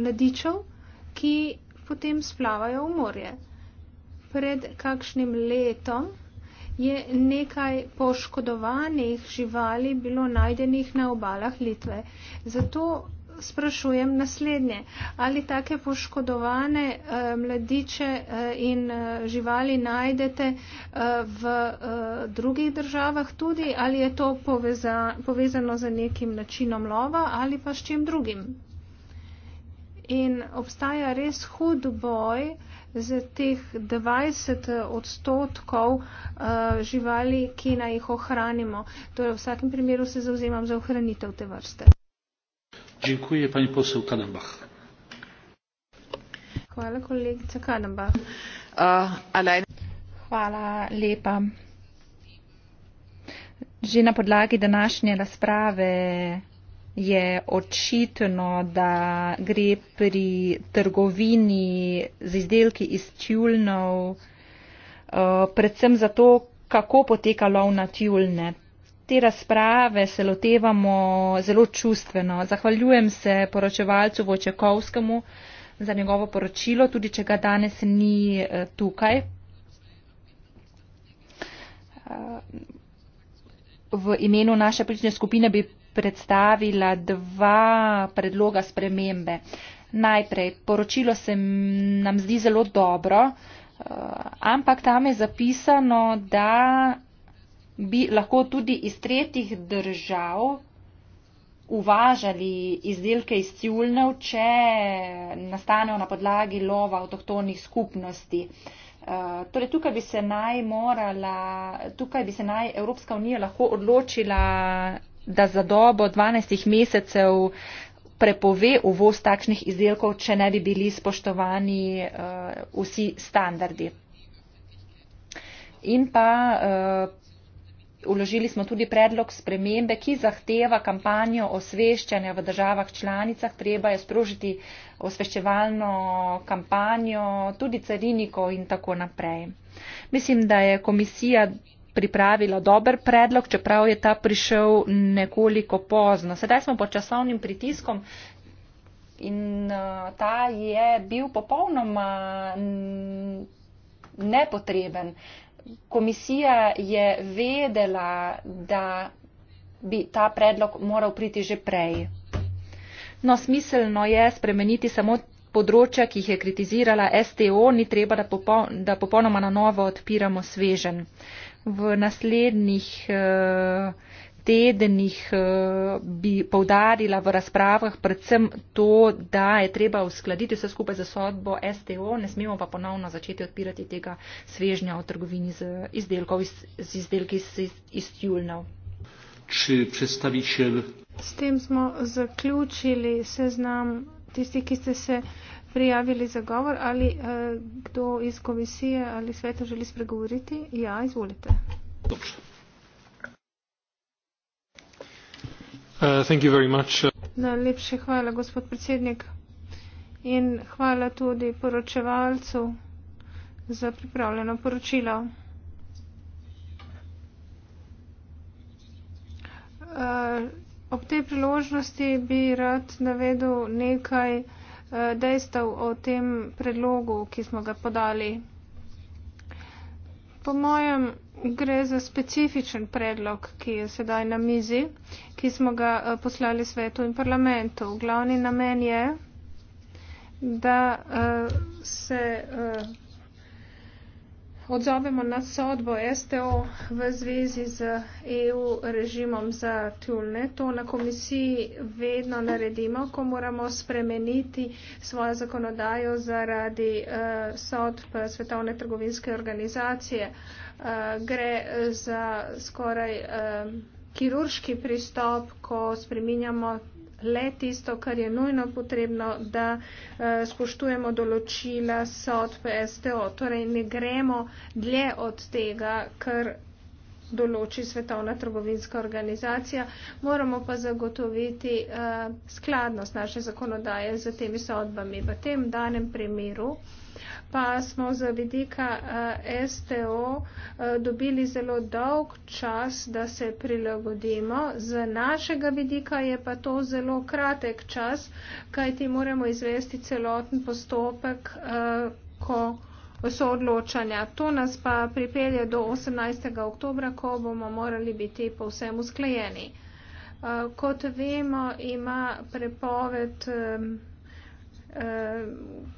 mladičev, ki potem splavajo v morje. Pred kakšnim letom je nekaj poškodovanih živali bilo najdenih na obalah Litve. Zato sprašujem naslednje. Ali take poškodovane eh, mladiče eh, in eh, živali najdete eh, v eh, drugih državah tudi, ali je to poveza, povezano z nekim načinom lova ali pa s čim drugim? In obstaja res hud boj za teh 20 eh, odstotkov uh, živali, ki naj jih ohranimo. Torej, v vsakem primeru se zauzemam za ohranitev te vrste. Dziękuję. Pani poseł Kadambach. Hvala, kolegica Kadamba. Uh, ali... Hvala lepa. Že na podlagi današnje razprave je očitno, da gre pri trgovini z izdelki iz tjulnov uh, predvsem za to, kako poteka lov na tjulne te razprave se lotevamo zelo čustveno. Zahvaljujem se poročevalcu Vočekovskemu za njegovo poročilo, tudi če ga danes ni eh, tukaj. Eh, v imenu naše prične skupine bi predstavila dva predloga spremembe. Najprej, poročilo se nam zdi zelo dobro, eh, ampak tam je zapisano, da bi lahko tudi iz tretjih držav uvažali izdelke iz ciulnev, če nastanejo na podlagi lova avtohtonih skupnosti. Eh, torej, tukaj bi se naj morala, tukaj bi se naj Evropska unija lahko odločila, da za dobo 12 mesecev prepove uvoz takšnih izdelkov, če ne bi bili spoštovani eh, vsi standardi. In pa eh, vložili smo tudi predlog spremembe, ki zahteva kampanjo osveščanja v državah članicah. Treba je sprožiti osveščevalno kampanjo tudi carinikov in tako naprej. Mislim, da je komisija pripravila dober predlog, čeprav je ta prišel nekoliko pozno. Sedaj smo pod časovnim pritiskom in eh, ta je bil popolnoma nepotreben komisija je vedela, da bi ta predlog moral priti že prej. No, smiselno je spremeniti samo področja, ki jih je kritizirala STO, ni treba, da, popol da popolnoma na novo odpiramo svežen. V naslednjih uh, tednih eh, bi povdarila v razpravah predvsem to, da je treba uskladiti vse skupaj za sodbo STO, ne smemo pa ponovno začeti odpirati tega svežnja v trgovini z, izdelkov, iz, z izdelki iz, iz Julnov. Če predstaviš. S tem smo zaključili seznam tisti, ki ste se prijavili za govor ali eh, kdo iz komisije ali sveta želi spregovoriti. Ja, izvolite. Dobro. Uh, Najlepše hvala, gospod predsednik. In hvala tudi poročevalcu za pripravljeno poročilo. Uh, ob tej priložnosti bi rad navedel nekaj uh, dejstev o tem predlogu, ki smo ga podali. Po mojem Gre za specifičen predlog, ki je sedaj na mizi, ki smo ga eh, poslali svetu in parlamentu. Glavni namen je, da eh, se eh, odzovemo na sodbo STO v zvezi z EU režimom za tulne. To na komisiji vedno naredimo, ko moramo spremeniti svojo zakonodajo zaradi uh, sodb Svetovne trgovinske organizacije. Uh, gre za skoraj. Uh, kirurški pristop, ko spreminjamo le tisto, kar je nujno potrebno, da eh, spoštujemo določila sodb STO. Torej ne gremo dlje od tega, kar določi Svetovna trgovinska organizacija, moramo pa zagotoviti uh, skladnost naše zakonodaje z temi sodbami. V tem danem primeru pa smo za vidika uh, eh, STO uh, eh, dobili zelo dolg čas, da se prilagodimo. Z našega vidika je pa to zelo kratek čas, kajti moramo izvesti celoten postopek, uh, ko soodločanja. To nas pa pripelje do 18. oktobra, ko bomo morali biti povsem usklajeni. Eh, kot vemo, ima prepoved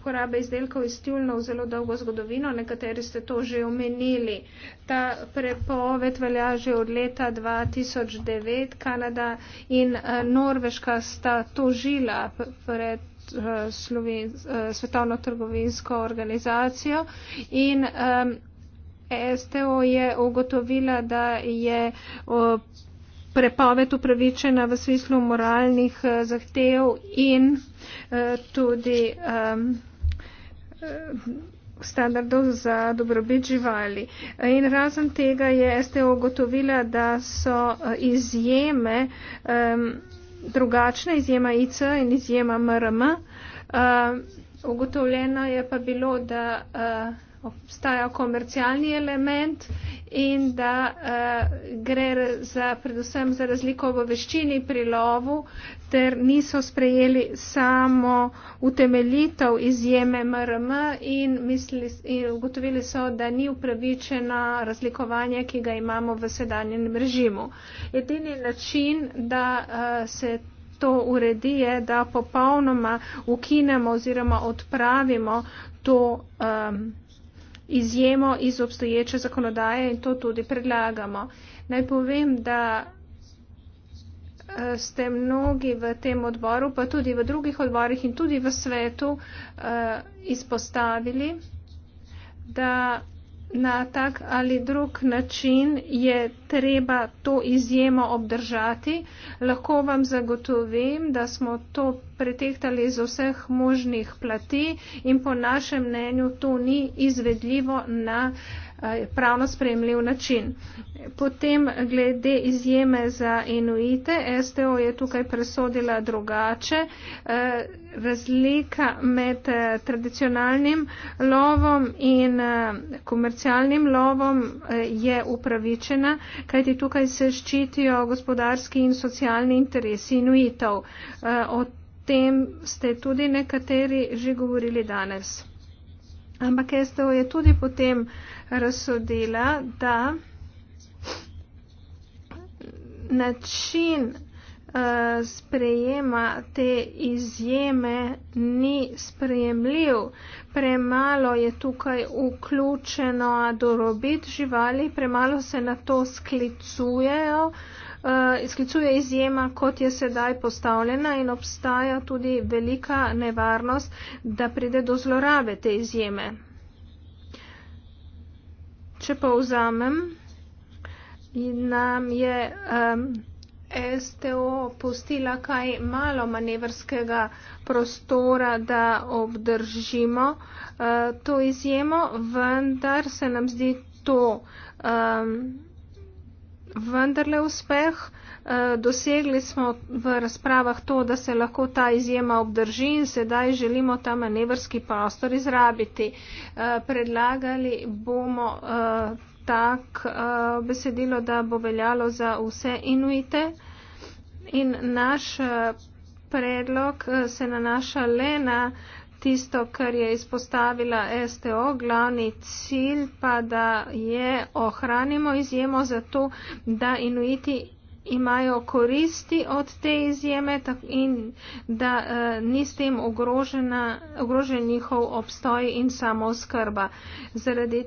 porabe izdelkov iz tjulna v zelo dolgo zgodovino, nekateri ste to že omenili. Ta prepoved velja že od leta 2009, Kanada in eh, Norveška sta to žila pred Eh, Sloven, eh, svetovno trgovinsko organizacijo in STO je ugotovila, da je prepoved upravičena v smislu moralnih eh, zahtev in tudi standardov za dobrobit živali. In razen tega je STO ugotovila, da so izjeme um, drugačna izjema IC in izjema MRM. Uh, eh, ugotovljeno je pa bilo, da uh, obstaja komercialni element in da eh, gre za, predvsem za razliko v veščini pri lovu, ter niso sprejeli samo utemeljitev izjeme MRM in, mislili, in ugotovili so, da ni upravičena razlikovanje, ki ga imamo v sedanjem režimu. Edini način, da eh, se to uredi, je, da popolnoma ukinemo oziroma odpravimo to. Eh, izjemo iz obstoječe zakonodaje in to tudi predlagamo. Naj povem, da eh, ste mnogi v tem odboru, pa tudi v drugih odborih in tudi v svetu eh, izpostavili, da na tak ali drug način je treba to izjemo obdržati. Lahko vam zagotovim, da smo to pretehtali iz vseh možnih plati in po našem mnenju to ni izvedljivo na eh, pravno sprejemljiv način. Potem glede izjeme za inuite, STO je tukaj presodila drugače. Eh, razlika med eh, tradicionalnim lovom in komercialnim lovom je upravičena, kajti tukaj se ščitijo gospodarski in socialni interesi inuitov. Od tem ste tudi nekateri že govorili danes. Ampak SDO je tudi potem razsodila, da način eh, sprejema te izjeme ni sprejemljiv. Premalo je tukaj vključeno dorobit živali, premalo se na to sklicujejo, uh, Eh, izključuje izjema, kot je sedaj postavljena in obstaja tudi velika nevarnost, da pride do zlorabe te izjeme. Če pa vzamem, nam je um, STO postila kaj malo manevrskega prostora, da obdržimo uh, to izjemo, vendar se nam zdi to. Um, vendarle uspeh. Eh, dosegli smo v razpravah to, da se lahko ta izjema obdrži in sedaj želimo ta manevrski prostor izrabiti. Eh, predlagali bomo eh, tak besedilo, da bo veljalo za vse inuite in naš predlog se nanaša le na tisto, kar je izpostavila STO, glavni cilj pa, da je ohranimo izjemo za to, da inuiti imajo koristi od te izjeme in da uh, ni s tem ogrožena, ogrožen njihov obstoj in samo skrba. Zaradi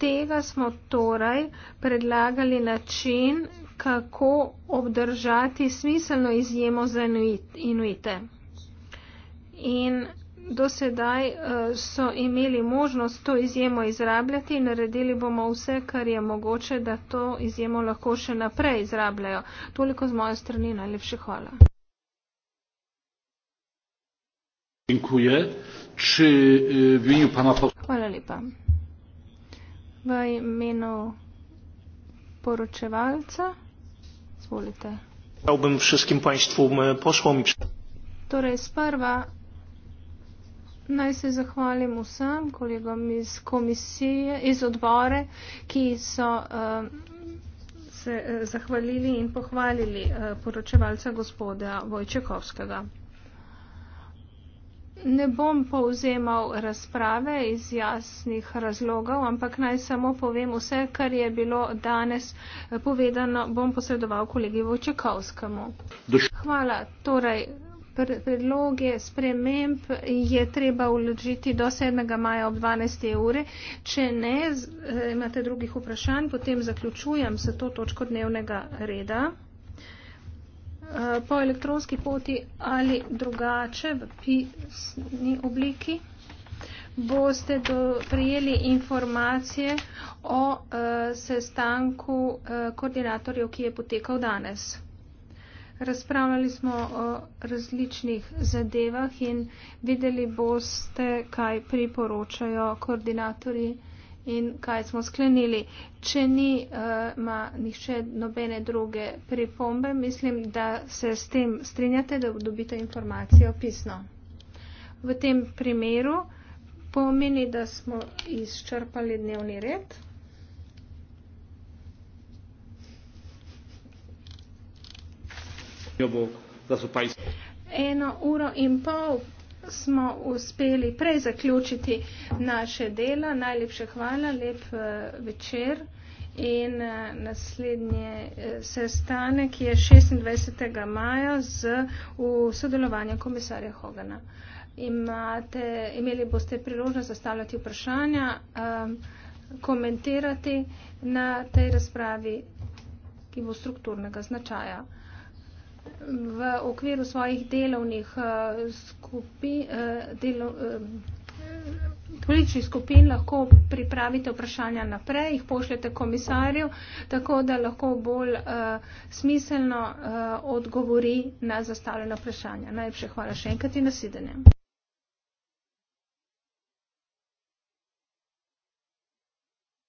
tega smo torej predlagali način, kako obdržati smiselno izjemo za inuit, inuite. In do sedaj eh, so imeli možnost to izjemo izrabljati in naredili bomo vse, kar je mogoče, da to izjemo lahko še naprej izrabljajo. Toliko z moje strani, najlepše hvala. Hvala lepa. V imenu poročevalca, zvolite. E, torej, sprva Naj se zahvalim vsem kolegom iz komisije, iz odbore, ki so uh, se uh, zahvalili in pohvalili uh, poročevalca gospoda Vojčekovskega. Ne bom povzemal razprave iz jasnih razlogov, ampak naj samo povem vse, kar je bilo danes povedano, bom posredoval kolegi Vočekovskemu. Hvala. Torej, predloge sprememb je treba uložiti do 7. maja ob 12. ure. Če ne eh, imate drugih vprašanj, potem zaključujem se to točko dnevnega reda eh, po elektronski poti ali drugače v pisni obliki boste do, prijeli informacije o e, sestanku e, koordinatorjev, ki je potekal danes. Razpravljali smo o različnih zadevah in videli boste, kaj priporočajo koordinatorji in kaj smo sklenili. Če ni, ima eh, nišče nobene druge pripombe, mislim, da se s tem strinjate, da dobite informacijo pisno. V tem primeru pomeni, da smo izčrpali dnevni red. Eno uro in pol smo uspeli prej zaključiti naše dela. Najlepša hvala, lep eh, večer in eh, naslednje eh, sestanek je 26. maja z, v sodelovanju komisarja Hogana. Imate, imeli boste priložnost zastavljati vprašanja, komentirati na tej razpravi, ki bo strukturnega značaja v okviru svojih delovnih eh, skupin, eh, eh, političnih skupin lahko pripravite vprašanja naprej, jih pošljete komisarju, tako da lahko bolj smiselno odgovori na zastavljena vprašanja. Najlepše hvala še enkrat in nasidenje.